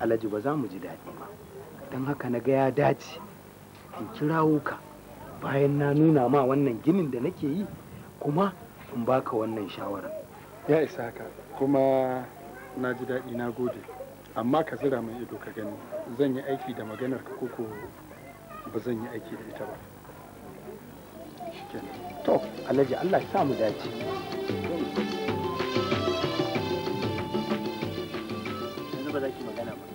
alaji ba za mu ji daɗi ba don haka na ga ya dace in kirawo ka bayan na nuna ma wannan ginin da nake yi kuma in baka wannan shawara ya isa ka kuma na ji daɗi na gode amma ka zira mai ido ka gani zan yi aiki da maganar ka koko ba zan yi aiki da ita ba to alhaji allah ya sa mu dace ba za ki magana ba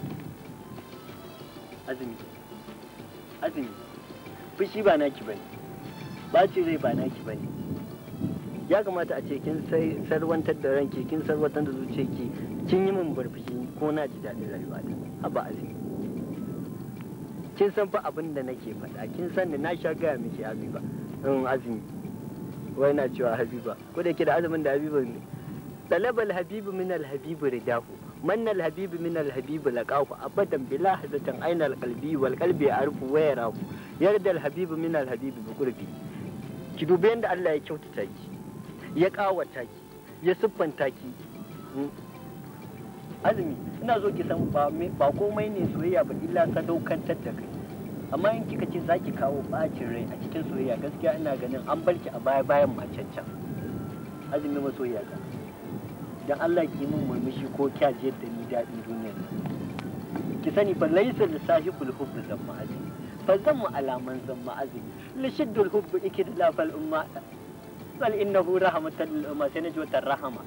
azumi azumi fushi ba naki bane baci zai ba naki bane ya kamata a ce kin sarwantar da ranki kin sarwantar da zuciyarki kin yi min barfishi ko na ji daɗin rayuwa ta haba azumi kin san fa abin da nake faɗa kin san da na sha gaya miki habiba in azumi wai na cewa habiba ko da ke da azumin da habiba ne talabal habibu min al habibu ridahu man al habibu min al habibu laqahu abadan bila hazatan aina al qalbi wal qalbi arfu wa yarahu yarda alhabibu min alhabibu bi qurbi ki dubi yadda Allah ya kyautata ki ya kawata ki ya siffanta ki hmm? azumi ina zo ki san ba komai ne soyayya ba illa ka da amma in kika ce zaki kawo bacin rai a cikin soyayya gaskiya ina ganin an barki a baya bayan macancan azumi soyayya ka dan Allah ki min murmushi ko kya je da ni daɗin duniyar ki sani ba laysa lissahi kulhubbu zamma فزم على من زم عزم لشد الحب إكد لا فالأمة بل إنه رحمة للأمة سنجوة الرحمة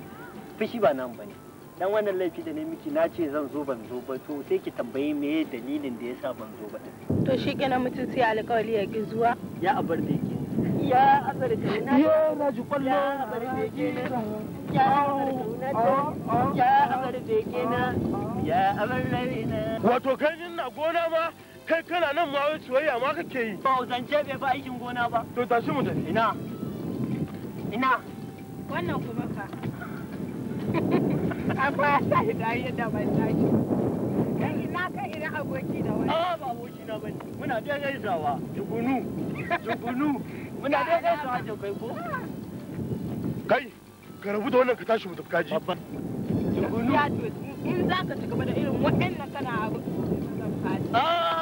فشي بانا بني dan wannan laifi da ne miki na ce zan zo ban zo ba to sai ki tambaye me dalilin da yasa ban zo ba to shi kenan mutum sai alƙawari ya ki zuwa ya abar da yake ya abar da na ya na ji kwallo ya abar da yake ya abar da yake na ya abar da yake na wato kai na gona ba kai kana nan ma wai soyayya ma kake yi ba zance bai ba aikin gona ba to tashi mu tafi ina ina wannan kuma ka a ba sa da yadda ban tashi kai ina kai ina aboki da wani a ah, ba aboki na bane muna dai gaisawa jugunu jugunu muna dai gaisawa da kai ko kai ka rabu da wannan ka tashi mu tafi kaji babban jugunu ya tukunu in za ka ci gaba da irin waɗannan kana abu Ah!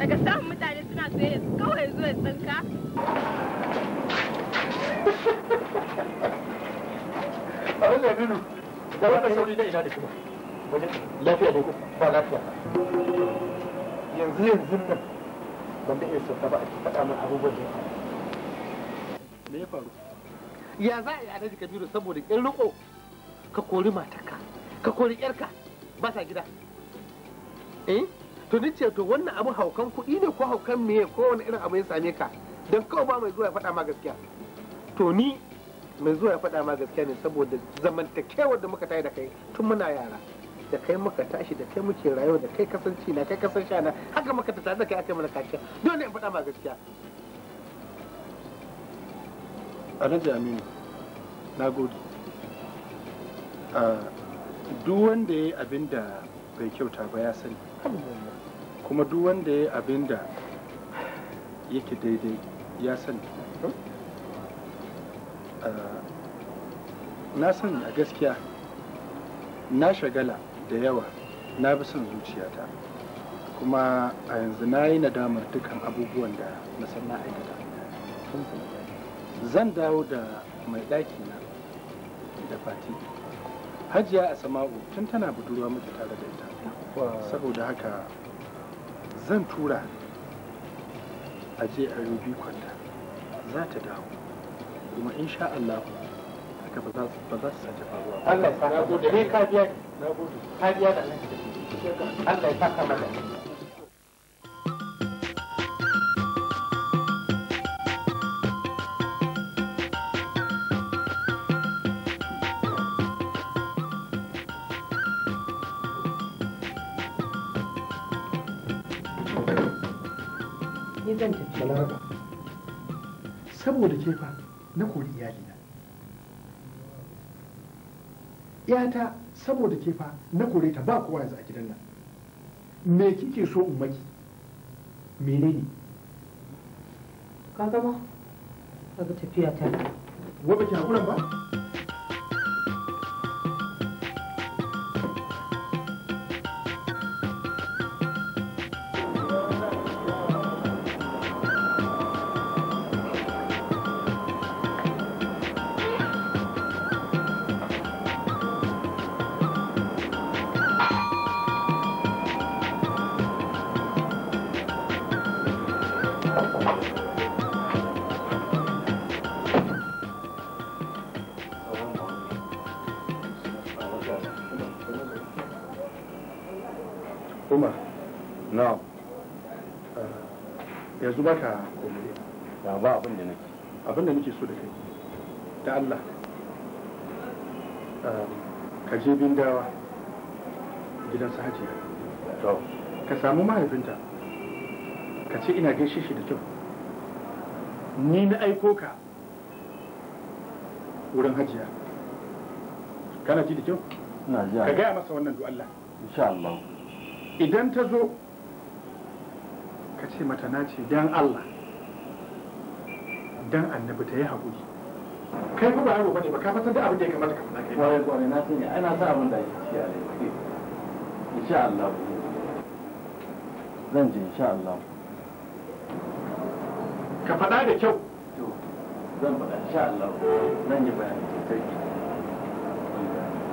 daga samun mutane suna soyayya kawai zuwa tsinka a wajen nunu da wannan sauri na ina da kuma wajen lafiya da ba lafiya yanzu yanzu nan ban da iya sauka ba a faɗa min abubuwan da me ya faru ya za a yi alhaji biro saboda ƴan riko ka kori matarka ka kori ƴarka ba sa gida eh to ni ce to wannan abu haukan kuɗi ne ko haukan meye ko wani irin abu ya same ka don kawai ba mai zuwa ya faɗa ma gaskiya to ni mai zuwa ya faɗa ma gaskiya ne saboda zamantakewar da muka tayi da kai tun muna yara da kai muka tashi da kai muke rayuwa da kai kasance na kai kasan shana haka muka ta tare da kai aka mana kaciya dole in faɗa ma gaskiya Alhaji Aminu na gode ah, duk wanda ya yi abin da bai kyauta ba ya sani kuma duk wanda ya abin da yake daidai ya sani eh, na sani a gaskiya na shagala da yawa na bi son zuciyata kuma a yanzu na yi nadamar dukkan abubuwan da na san na aikata zan dawo da mai ɗaki na da fati hajiya a sama'u tun tana budurwa muke tare da ita saboda haka zan tura a je a rubi kwanta za ta dawo kuma insha Allah haka ba za su sake faruwa Allah ya sa ka gode ka biya ka biya da nan Allah ya sa saboda ke fa na kori iyalina iyata saboda ke fa na kore ta ba kowa yanzu a gidan nan me kike so in maki menene ka gama kaga tafiya ta wa baki hakuran ba je bindawa gidan su hajiya ka samu mahaifinta ka ce ina gaishe shi da kyau ni na aiko ka wurin hajiya kana ji da kyau ka gaya masa wannan du Allah insha Allah idan ta zo ka ce mata na ce dan Allah dan annabi ta yi haƙuri kai ko ba yaro bane ba ka fatan da abin da ya kamata ka faɗa kai kwarai kwarai na sani ana sa abin da ake ciki a rai insha Allah zan je insha Allah ka faɗa da kyau zan faɗa insha Allah zan yi bayani sosai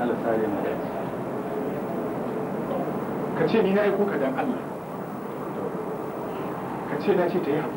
Allah sare mu ka ce ni na aiko ka dan Allah ka ce na ce ta yi haƙuri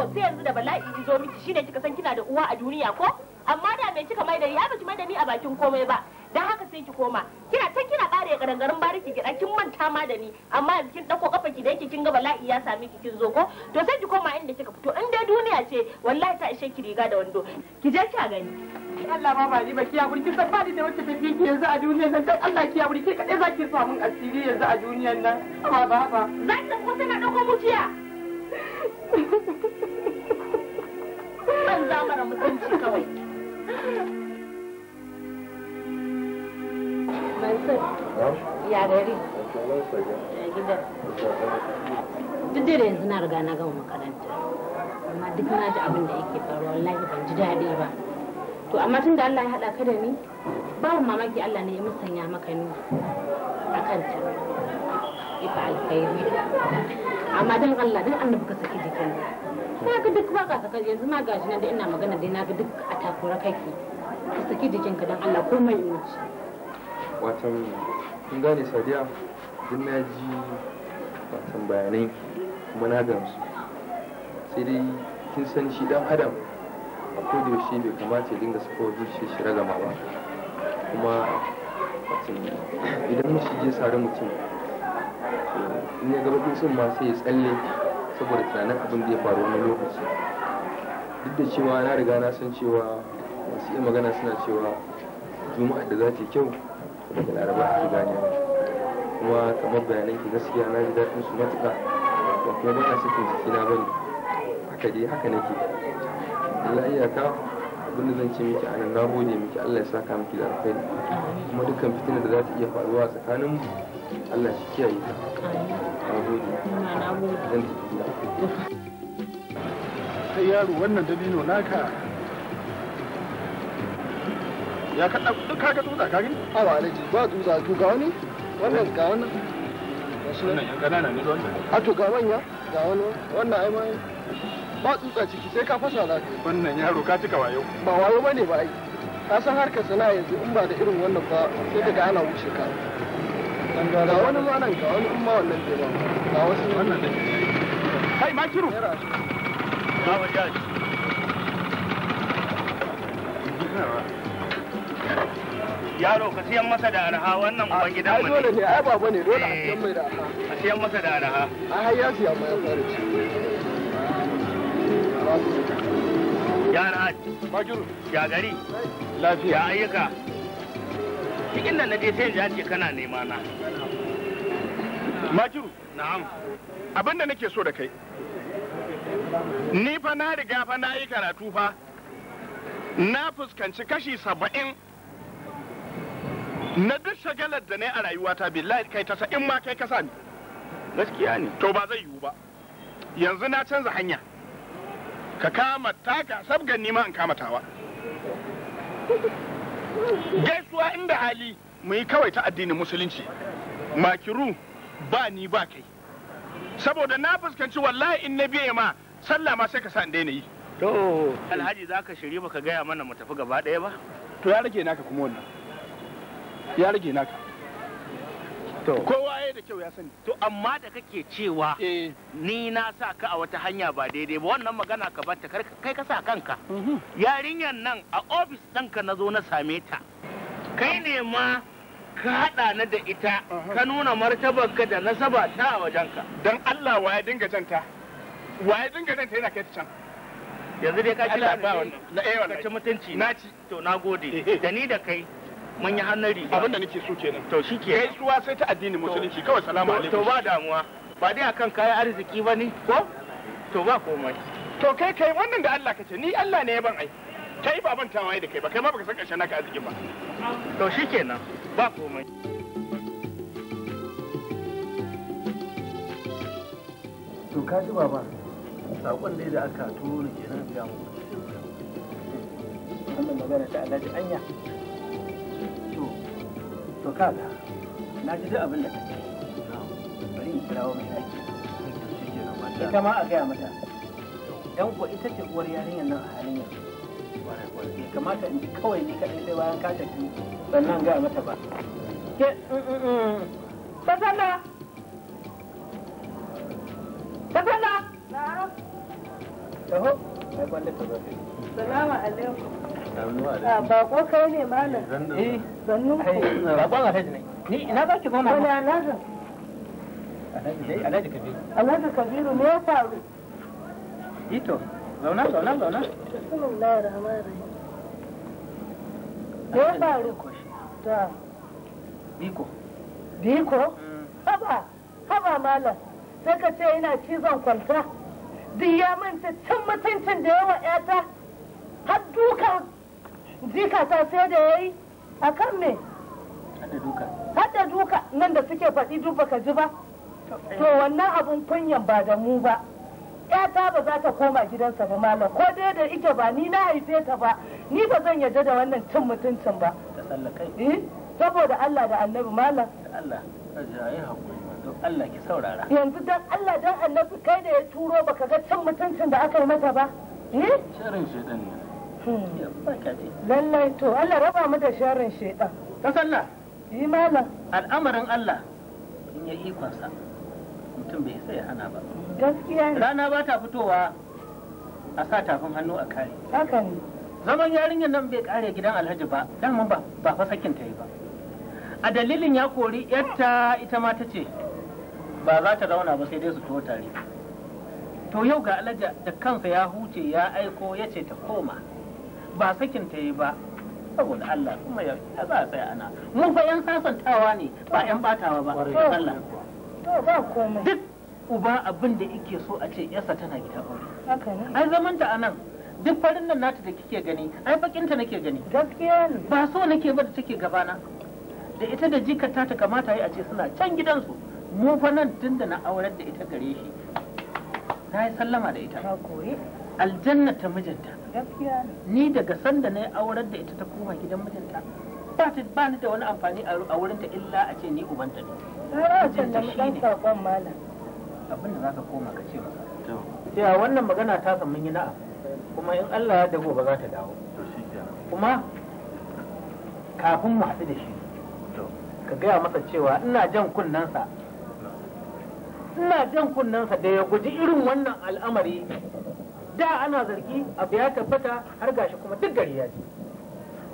yaro sai yanzu da bala'i zo miki shine kika san kina da uwa a duniya ko amma da me kika mai da ya baki mai da ni a bakin komai ba dan haka sai ki koma kina ta kina bare garangarin bariki gida kin manta ma da ni amma yanzu kin dako kafa ki da yake kin ga bala'i ya sami ki kin zo ko to sai ki koma inda kika fito in dai duniya ce wallahi ta ishe ki riga da wando ki je ki gani Allah ma ba ni ba kiya burki san ba ni da wacce tafi ki yanzu a duniyar nan dan Allah kiya burki kadai zaki samu asiri yanzu a duniyar nan ba ba ba zaki ko na dako mutiya banza mara mutunci kawai Mansur, ya gari. da na riga na gama makaranta, amma duk na ji abin da yake wallahi ban ji daɗi ba. To amma tun da Allah ya haɗa ka da ni, babu mamaki Allah ne ya musanya maka ni a kanta. Ifa alkhairi. Amma don Allah don annabi ka saki jikinka. na ga duk baka saka yanzu ma gashi nan da ina magana dai na ga duk a takura kake ka saki jikinka don Allah komai in wuce watan kun gane sadiya duk na ji watan bayanai kuma na gamsu sai dai kin san shi dan adam a koda yaushe bai kamata ya dinga saka wa zuciya shi ragama ba kuma idan mutum ya sari mutum in ya gaba sun ma sai ya tsalle saboda tunanin abin da ya faru wani lokaci duk da cewa na riga na san cewa masu iya magana suna cewa juma'a da za ta yi kyau daga laraba a riga gane kuma kamar bayanan ki gaskiya na ji daɗin su matuƙa ba kuma ba na sakin jikina ba ne haka dai haka nake Allah iyaka abin da zan ce miki a nan na gode miki Allah ya saka miki da alkhairi kuma dukkan fitina da za ta iya faruwa tsakaninmu Allah shi kiyaye ta. Na gode. kai yaro wannan dabino naka ya ka duk ka ga tsutsa ka gani a ba alaji ba tsutsa to ga wani wannan ga wannan wannan yan kanana ne wannan a to ga manya ga wani wannan ai ma ba tsutsa ciki sai ka fasa za ka wannan yaro ka cika wayo ba wayo ne ba ai ka san harkar sana'a yanzu in ba da irin wannan ba sai ka ga ana wuce ka ga wani ma nan ga wani in ma wannan bai ba ga wasu wannan da kai makiru yaro ka siyan masa da araha wannan ah, uban gidan mu ne dole ne ai ne dole a eh, siyan siyan masa da araha ai har ya siya mai fara ci ya gari lafiya ya ayyuka cikin nan na je sai in kana nema na abin da nake so da kai ni fa na riga fa na yi karatu fa na fuskanci kashi saba'in na duk shagalar da ne a rayuwata billahi kai ta sa'in ma kai kasa ni gaskiya ne to ba zai yiwu ba yanzu na canza hanya ka kama taka sabgan nima in kama tawa gaisuwa inda hali mu yi kawai ta addinin musulunci makiru ba ni ba kai saboda na fuskanci wallahi in na biye ma sallah ma sai ka sa in daina yi to alhaji za ka shiri baka gaya mana mu tafi gaba ɗaya ba to ya rage naka kuma wannan ya rage naka to kowa ya da kyau ya sani to amma da kake cewa eh. ni na sa ka a wata hanya ba daidai ba wannan magana ka batta kai ka sa kanka mhm. yarinyan nan a ofis ɗinka na zo na same ta kai ne ma ka haɗa na da ita mhm. ka nuna martabar ka da nasaba ta a wajen ka. Don Allah wa ya dinga janta wa ya dinga janta yana kai ta can yanzu dai ka kira na eh wannan ci mutunci na ci to na gode eh, eh. da ni da kai mun yi hannun riga abinda nake so kenan to shi ke gaisuwa sai ta addini musulunci kawai salamu alaikum to ba damuwa ba dai akan kayan arziki ba ni ko to ba komai to kai kai wannan da Allah kace ni Allah ne ya ban ai kai ba ban tawaye da kai ba kai ma baka san karshen naka arzikin ba to nan. ba komai to ka ji baba sakon dai da aka turo ke magana ta anya to to na ji duk abin da ka bari in kirawo mai aiki ita ma a gaya mata ko ita ce uwar yarinyar nan a halin yanzu bai kamata in ji kawai ni kaɗai sai bayan ka ki. sannan ga mata ba ke fasalla fasalla na'am taho ai gwanda ta zafi salamu alaikum bako kai ne malam zannu bakon alhaji ne ni ina za ki wani alhaji alhaji kabiru alhaji kabiru me ya faru ito Zauna, zauna, zauna. Bismillah rahman rahim. Me ya faru? Da. Biko. Biko? Mm. Haba, haba malam. Sai ka ce ina cizon kwalta. Duk ya manta cin mutuncin da yawa ƴata. Har dukan ta sai da yayi. A kan me? Hadda duka. Hadda duka nan da suke faɗi duk baka ji ba. To eh. wannan abun kunyan ba da mu ba. yata ba za ta koma gidansa ba malam ko dai da ita ba ni na haife ta ba ni ba zan yarda da wannan cin mutuncin ba eh? saboda Allah da annabi malam Allah don Allah ki saurara yanzu don Allah don annabi kai da ya turo baka ga cin mutuncin da aka yi mata ba eh? sharrin shedan ne hmm. lallai to Allah raba mu da sharin shedan ta sallah yi eh, malam al'amarin Allah in ya ikonsa mutum bai sai hana ba gaskiya rana ba ta fitowa a sa tafin hannu a kare haka ne zaman yarinyar nan bai kare gidan alhaji ba dama ba ba fa sakin ta yi ba a dalilin ya kori yarta ita ma ta ce ba za ta zauna ba sai dai su tuwo tare to yau ga alhaji da kansa ya huce ya aiko ya ce ta koma ba sakin ta yi ba saboda Allah kuma ya za a tsaya ana mun fa yan sasantawa ne ba yan batawa ba Allah duk uba abin da yake so a ce yasa tana gida aure ai zaman ta anan duk farin nan nata da kike gani ai bakin ta nake gani gaskiya ba so nake ba da take gabana da ita da jikata ta kamata yi a ce suna can gidansu mu fa nan tunda da na aurar da ita gare shi na yi sallama da ita aljanna ta mijinta ni daga sanda na yi aurar da ita ta koma gidan mijinta ba ta ba ni da wani amfani a wurinta illa a ce ni ubanta ne. yi mu dan saƙon malam. abin da za ka koma ka ce masa cewa wannan magana ta san mun yi na'a kuma in Allah ya dago ba za ta dawo kuma kafin mu haɗu da shi ka gaya masa cewa ina jan kunnensa ina jan kunnensa da ya guji irin wannan al'amari da ana zargi abu ya tabbata har gashi kuma duk gari ya ji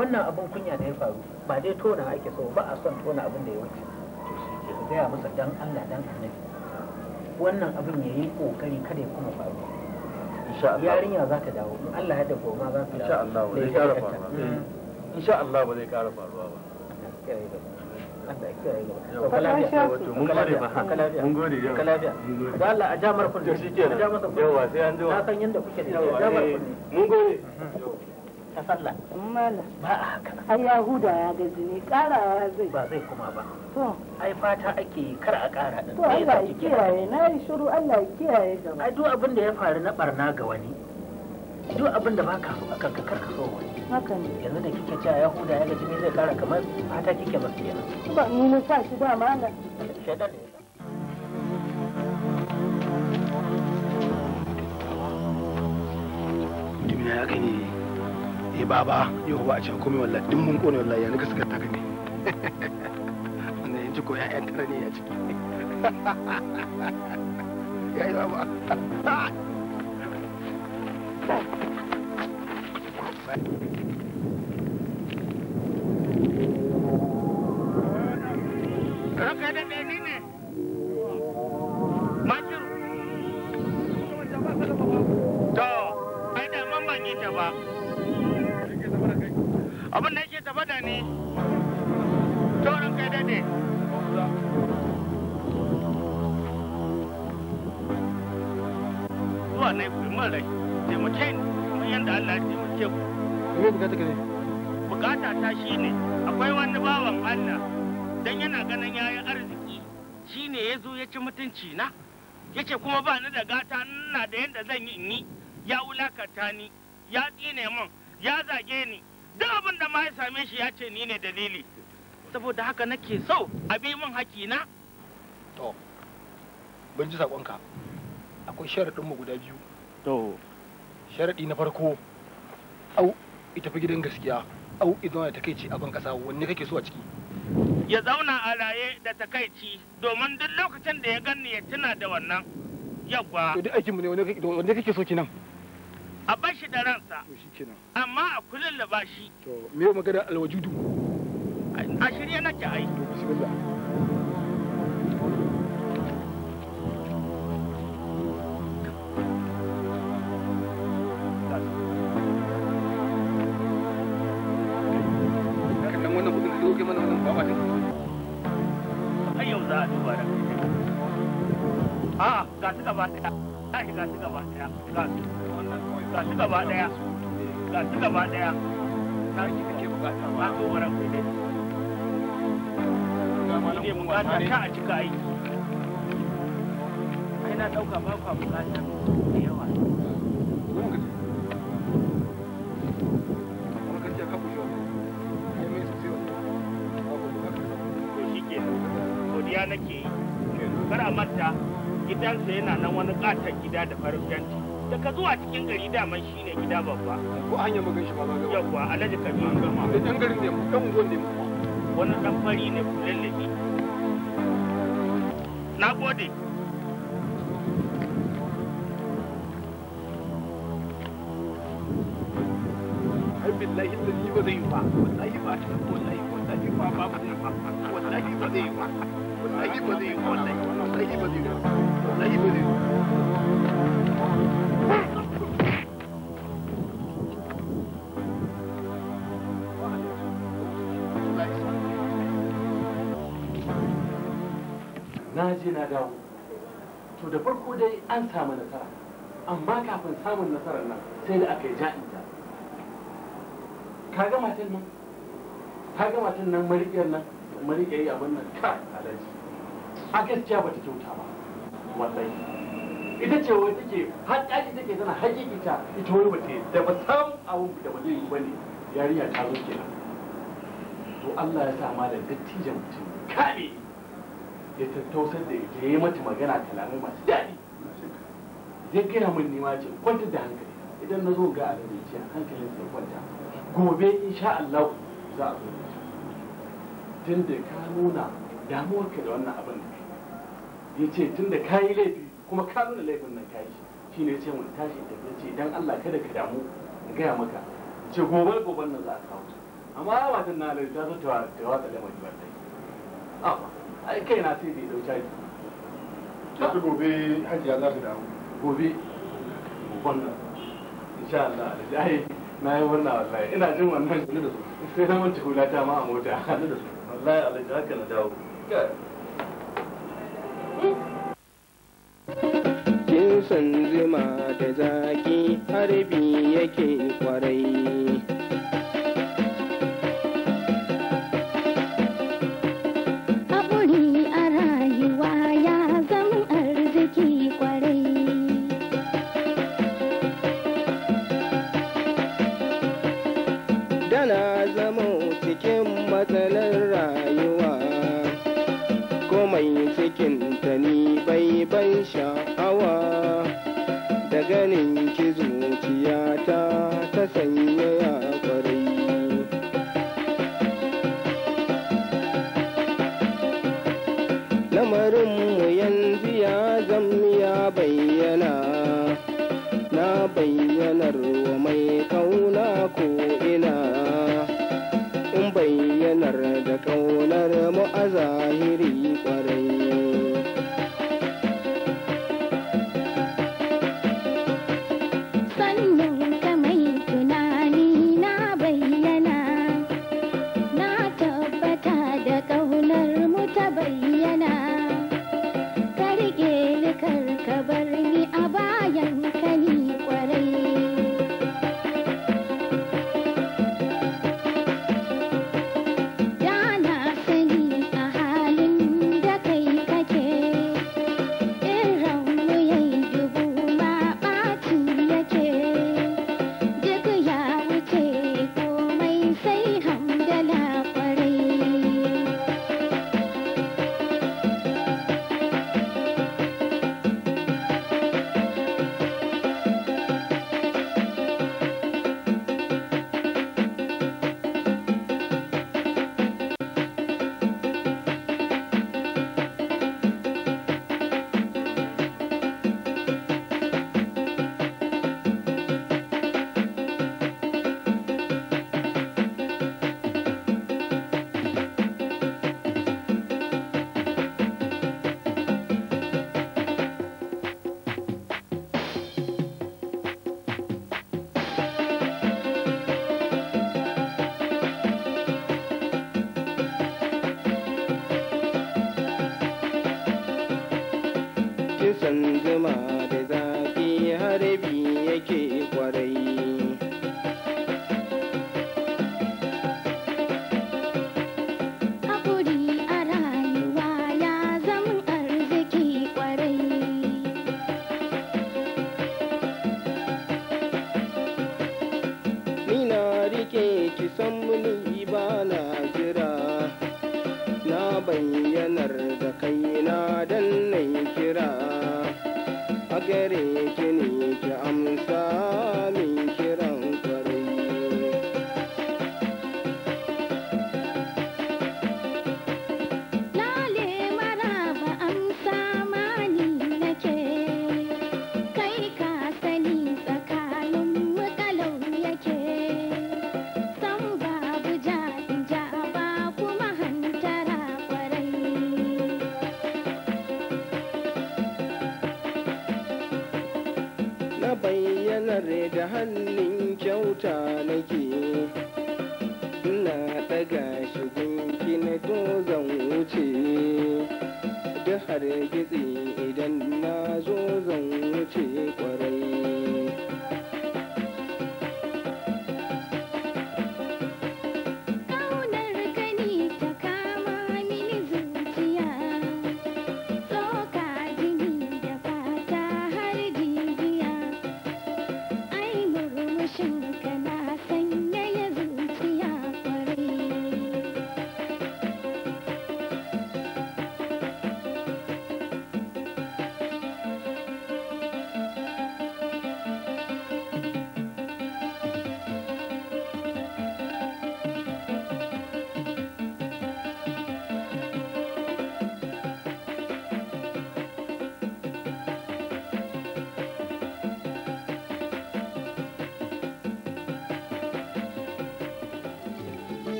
wannan abin kunya da ya faru ba dai tona ake so ba a son tona abin da ya wuce ka gaya masa dan Allah dan annabi wannan abin ya yi kokari kada ya kuma faru yarinya za ta dawo in Allah ya dafa ma za ta dawo insha ba zai kara faruwa mm. insha Allah ba zai kara faruwa ba mun gode da Allah a jamar kun da shi yawa sai an ji na san yanda kuke da jamar eh. kun mun gode ta sallah mala ba a haka ai yahuda ya gaji ne karawa zai ba zai kuma ba to ai fata ake yi kar a kara din to Allah ya kiyaye na yi shiru Allah ya kiyaye gaba ai duk abin da ya faru na barna ga wani duk abin da baka so akan ka karka so wani haka ne yanzu da kike cewa yahuda ya gaji ne zai kara kamar fata kike masa kenan ba ni na sa shi ba mala shedan ne Dimi na haka ne Eh, ba ba yau ba a ce komai wallahi din mun kone wallahi ya ka suka taka ne wanda yanzu ko ya yan tara ne ya ciki ya yi ba Thank you. abin da yake tafa da ni taurin kai dade zuwa na yi kulmar rai taimake ni kuma yadda Allah ya taimake ku me bukata ka ne bukata ta shine akwai wani bawan Allah dan yana ganin yayi arziki Shi ne ya zo ya ci mutunci na yace kuma ba ni da gata nuna da yadda zan yi ni. ya wulakata ni ya tsine min ya zage ni duk abin da ma ya same shi ya ce ni ne dalili saboda haka nake so a bi min hakina to ban ji sakonka akwai sharaɗin mu guda biyu to sharaɗi na farko au ita fi gidan gaskiya au idan ta kai ci abin kasa wanne kake so a ciki ya zauna a raye da takaici domin duk lokacin da ya ganni ya tuna da wannan yawwa to duk aikinmu ne wanne kake so kinan a bar shi da ransa amma a kullum da bashi to me magana alwajudu a shirye nake ai to bismillah gidansa yana nan wani katon gida da farin daga zuwa cikin gari daman shi ne gida babba ko hanya gan shi ba ba yawa alhaji kabi an gama da dan garin ne mu kan gon ne mu wani dan fari ne kullallabi na gode har billahi da ni ba zai yi ba wallahi ba wallahi wallahi ba ba wallahi ba zai yi ba wallahi ba zai yi wallahi नहीं na na dawo to da farko dai an samu nasara amma kafin samun nasarar nan sai da aka yi ja'in ka ga matan nan ka ga matan nan mariƙiyar nan mariƙiyar abin nan ka alaji a gaskiya bata kyauta ba wallahi ita ce wai take har take tana hakikita ita wani bata da ba sam abu da ba zai yi ba ne yarinya ta zo kenan to Allah ya sa ma da dattijan mutum kaɗe ya tattausar da ya yi mata magana kalamai masu daɗi zai gaya min nima ce kwantar da hankali idan na zo ga alamu ce hankalin sai kwanta gobe insha Allah za a zo tun da ka nuna damuwarka da wannan abin ya ce tun da ka yi laifi kuma ka nuna laifin nan ka yi shi ne ce mun tashi da ta ce idan Allah kada ka damu in gaya maka ce gobe goben nan za a kawo amma ya wata na lalata ta zo ta wata lamari ba ta amma ai kai na sai da dauka yi ta gobe hajiya za ta damu gobe goben nan insha Allah da jahi na yi wannan wallahi ina jin wannan sai na manta ma a mota wallahi alhaji haka na dawo san zuma da zaki harbi yake kwarai.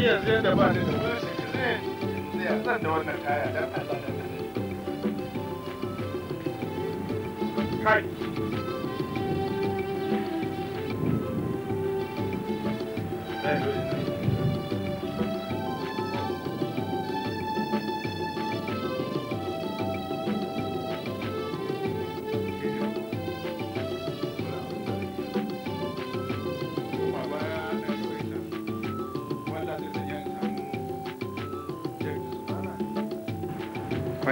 ni yanzu yadda ba da kuɗi sai zan da wannan kaya don Allah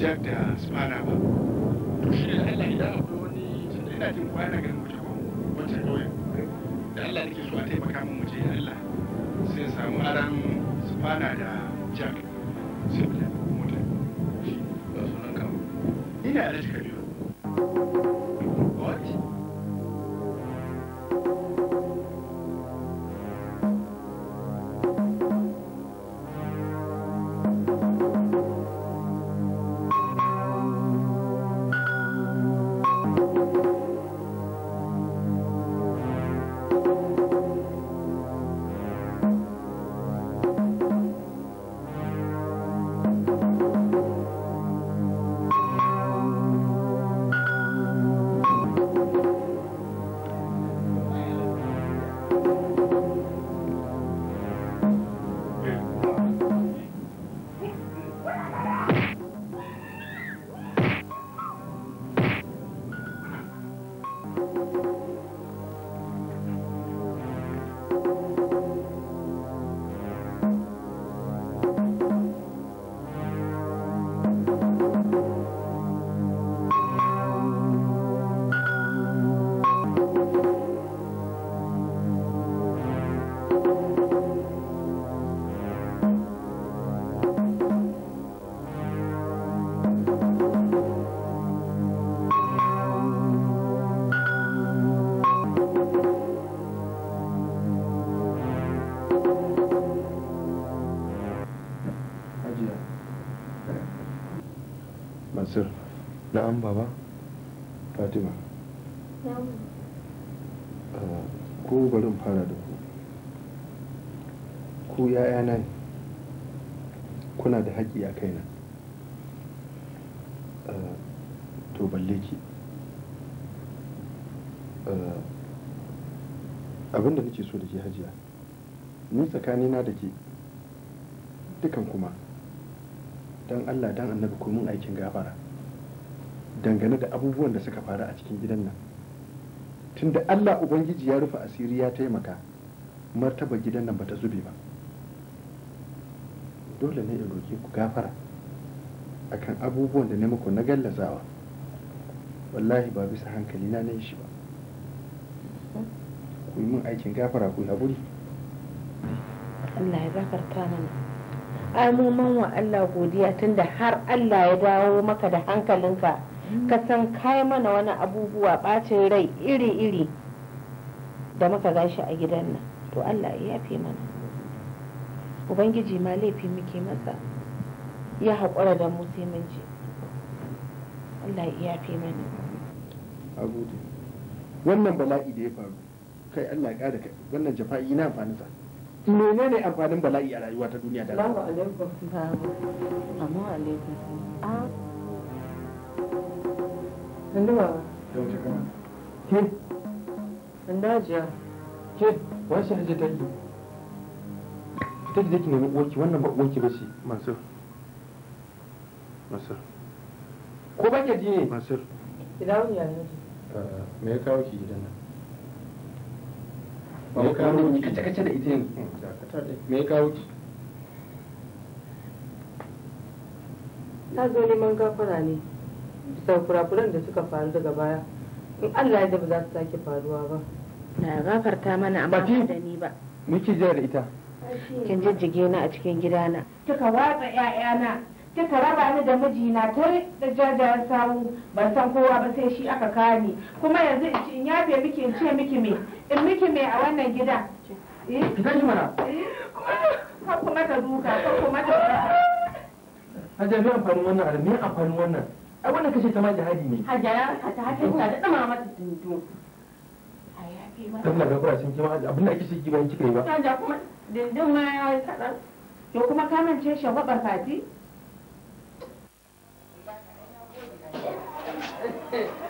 jack da spana ba to shi allah wani tunda ina jin kwana ganin wuce da allah nake a taimaka min muje da allah sai samu aran spana da jack sai mu tafi mota shi ba sunan ina da na'am baba fatima ah, ko barin fara da ku ku ya'yana ne kuna da haƙƙi a kaina ah, to balle ki ah, abinda nake so da ke hajiya ni tsakanina da ke dukan kuma don allah don annabi komin aikin gafara dangane da abubuwan da suka faru a cikin gidan nan tunda allah ubangiji ya rufe asiri ya taimaka martaba gidan nan bata zube ba dole ne in roke ku gafara akan abubuwan da na muku na gallazawa wallahi ba bisa hankali na na shi ba ku yi min aikin gafara ku haƙuri Allah ya gafarta mana ai mu man wa Allah godiya tunda har Allah ya dawo maka da hankalinka ka san kai mana wani abubuwa bacin rai iri-iri da muka gashi a gidan nan to Allah ya fi mana ubangiji ma laifi muke masa ya haƙura da mu sai mun ji Allah ya fi mana a wannan bala'i da ya faru kai Allah ya ƙara kai wannan jafa'i na amfani sa mene ne amfanin bala'i a rayuwa ta duniya da Allah alaikum amma alaikum ah. Sandu baba. Da wuce kama. Ke? Sandu hajiya. Ke? ta yi? Fita ki je ki nemi uwarki wannan ba ba ce. Mansur. Ko ba ke Me ki kace-kace ita yanzu. Mm, me ki? zo ne. bisa kurakuran da suka faru daga baya in Allah ya ba za su sake faruwa ba na gafarta mana amma ba da ni ba miki jiyar ita kin jijjige ni a cikin gidana kika watsa ƴaƴana kika raba ni da mijina ta da jajayen sawu ban san kowa ba sai shi aka kani kuma yanzu in ci in yafe miki in ce miki me in miki me a wannan gida eh? ki tashi mana eh? kan kuma ta duka kan kuma ta duka a jami'an amfanin wannan a me amfanin wannan ai wannan kashe ta da hadi ne hajjara ka ta hake kuna da dama mata tuntu Allah ga sun kima abin da kima kuma ma ya yi kadan kamance Thank you.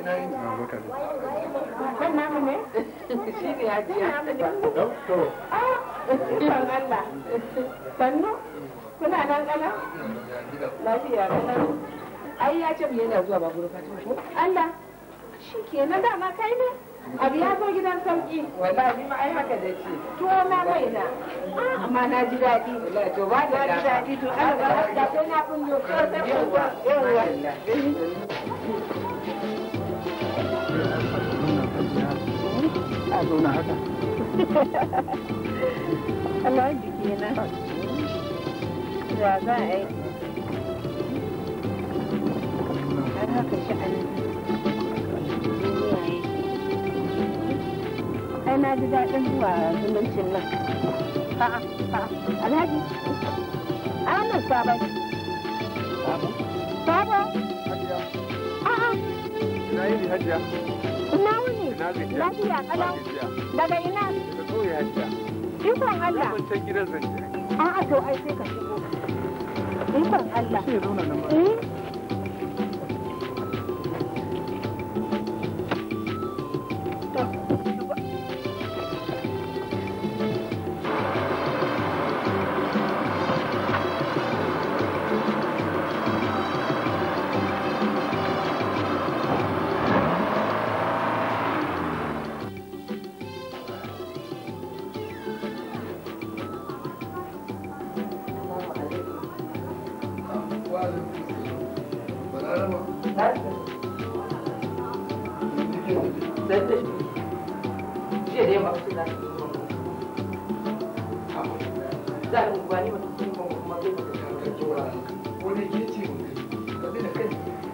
ina yi na ne sannu kuna nan lafiya ce ko Allah kenan kai ne abu ya zo gidan sauki wallahi ma ai haka da ce to na raina amma na ji daɗi to ba da ji daɗi to Allah ba da sai na kunyo ko ta a zauna haka alhaji ya za a yi har haka sha'anin ai na ji daɗin zuwa zumuncin nan alhaji a wannan sabon sabon sabon hajiya a'a yi hajiya Ina wuni? Lafiya kalau. Daga ina? Ikon Allah. A'a to ai sai ka shigo. Ikon Allah. Sai zauna nan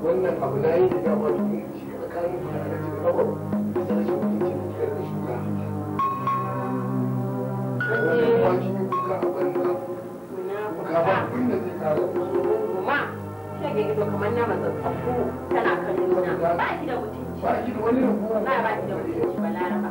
wannan abu na yi da kunci a kan fara da cikin da da shuka kwanci kuka a banza inda zai kamar na tana kan nuna ba shi da mutunci ba shi da wani rabuwa ba shi da mutunci ba laraba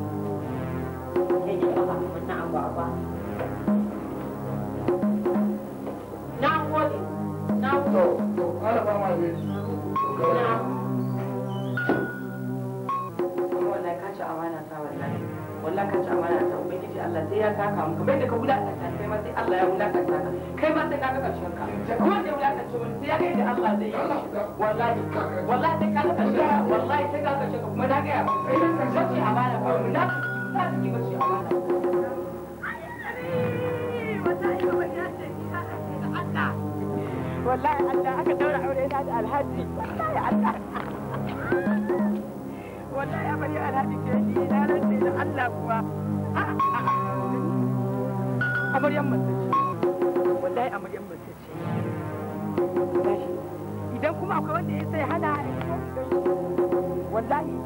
zai je kafa wannan agwagwa na gode na gode to ala ba ma zai na wallahi ka ci amana ta wallahi wallahi ka ci amana ta ubangiji Allah sai ya saka mu kamar da ka kai ma sai Allah ya wulakanta ka kai ma sai ka ga karshen ka wani sai ya Allah zai yi wallahi wallahi sai ka ga karshen ka wallahi sai ka ga karshen ka kuma na ga ya na wallahi Allah da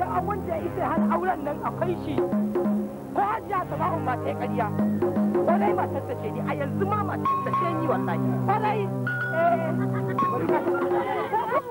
na ya auren nan akwai shi ko hajiya sabahun ba ta yi ƙarya kwarai matar ta ce ni a yanzu ma matar ta ce ni wallahi kwarai eh.